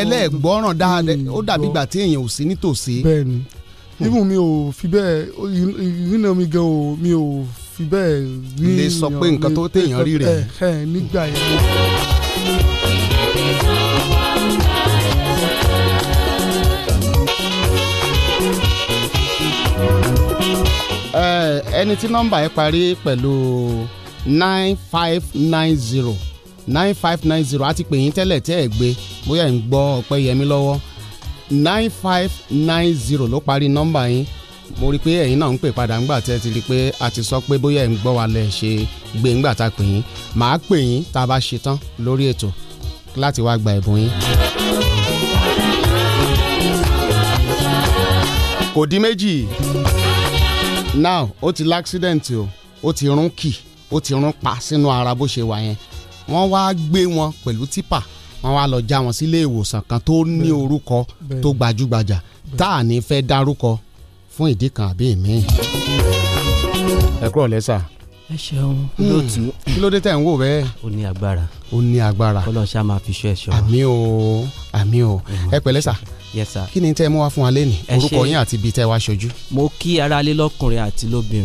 ẹlẹ́gbọ́ràn dáadáa hmm, ó dàbí ìgbà tí èèyàn ò sí nítòsí. bẹ́ẹ̀ni ibùn hmm. mi ò fi bẹ́ẹ̀ ìrìnà mi gan o mi ò fi bẹ́ẹ̀ rí. lè sọ pé nǹkan tó téèyàn rí rèé. nígbà yẹn. ẹni tí nọ́mbà ẹ parí pẹ̀lú nine five nine zero nine five nine zero a ti pè yín tẹ́lẹ̀ tẹ́ ẹ̀ gbé bóyá ẹ̀ ń gbọ́ ọ̀pẹ́ yẹmi lọ́wọ́ nine five nine zero ló parí nọ́mbà yín mo rí i pé ẹ̀yin náà ń pè padà ńgbà tẹ́ ti rí i pé a ti sọ pé bóyá ń gbọ́ wa lẹ̀ ṣe gbé ńgbà tá a pè yín màá pè yín tá a bá ṣe tán lórí ètò láti wá gba ẹ̀bùn yín. kò di méjì now ó ti l'accident o ó ti rún kì ó ti rún pa sínú ara bó ṣe wà yẹn wọ́n wá gbé wọn pẹ̀lú tìpà wọ́n wá lọ já wọn sílé ìwòsàn kan tó ní orúkọ tó gbajúgbajà tá à ní fẹ́ dárúkọ fún ìdí kan àbí mi. ẹ kúrò lẹ́sà. ẹ ṣeun hmm. lóòtú. kí ló dé tẹ̀ ń wò bẹ́ẹ̀. ó ní agbára. ó ní agbára. kọ́lọ́ máa fi ṣọ́ ẹ̀ṣọ́. àmì o àmì o ẹ pẹ̀lẹ́ yes sir. kí ni tẹ́ ẹ mú wá fún wa lẹ́nìí orúkọ yín àti ibi tẹ́ ẹ wá ṣojú. mo kí aráalé lọ́kùnrin àti lóbìnrin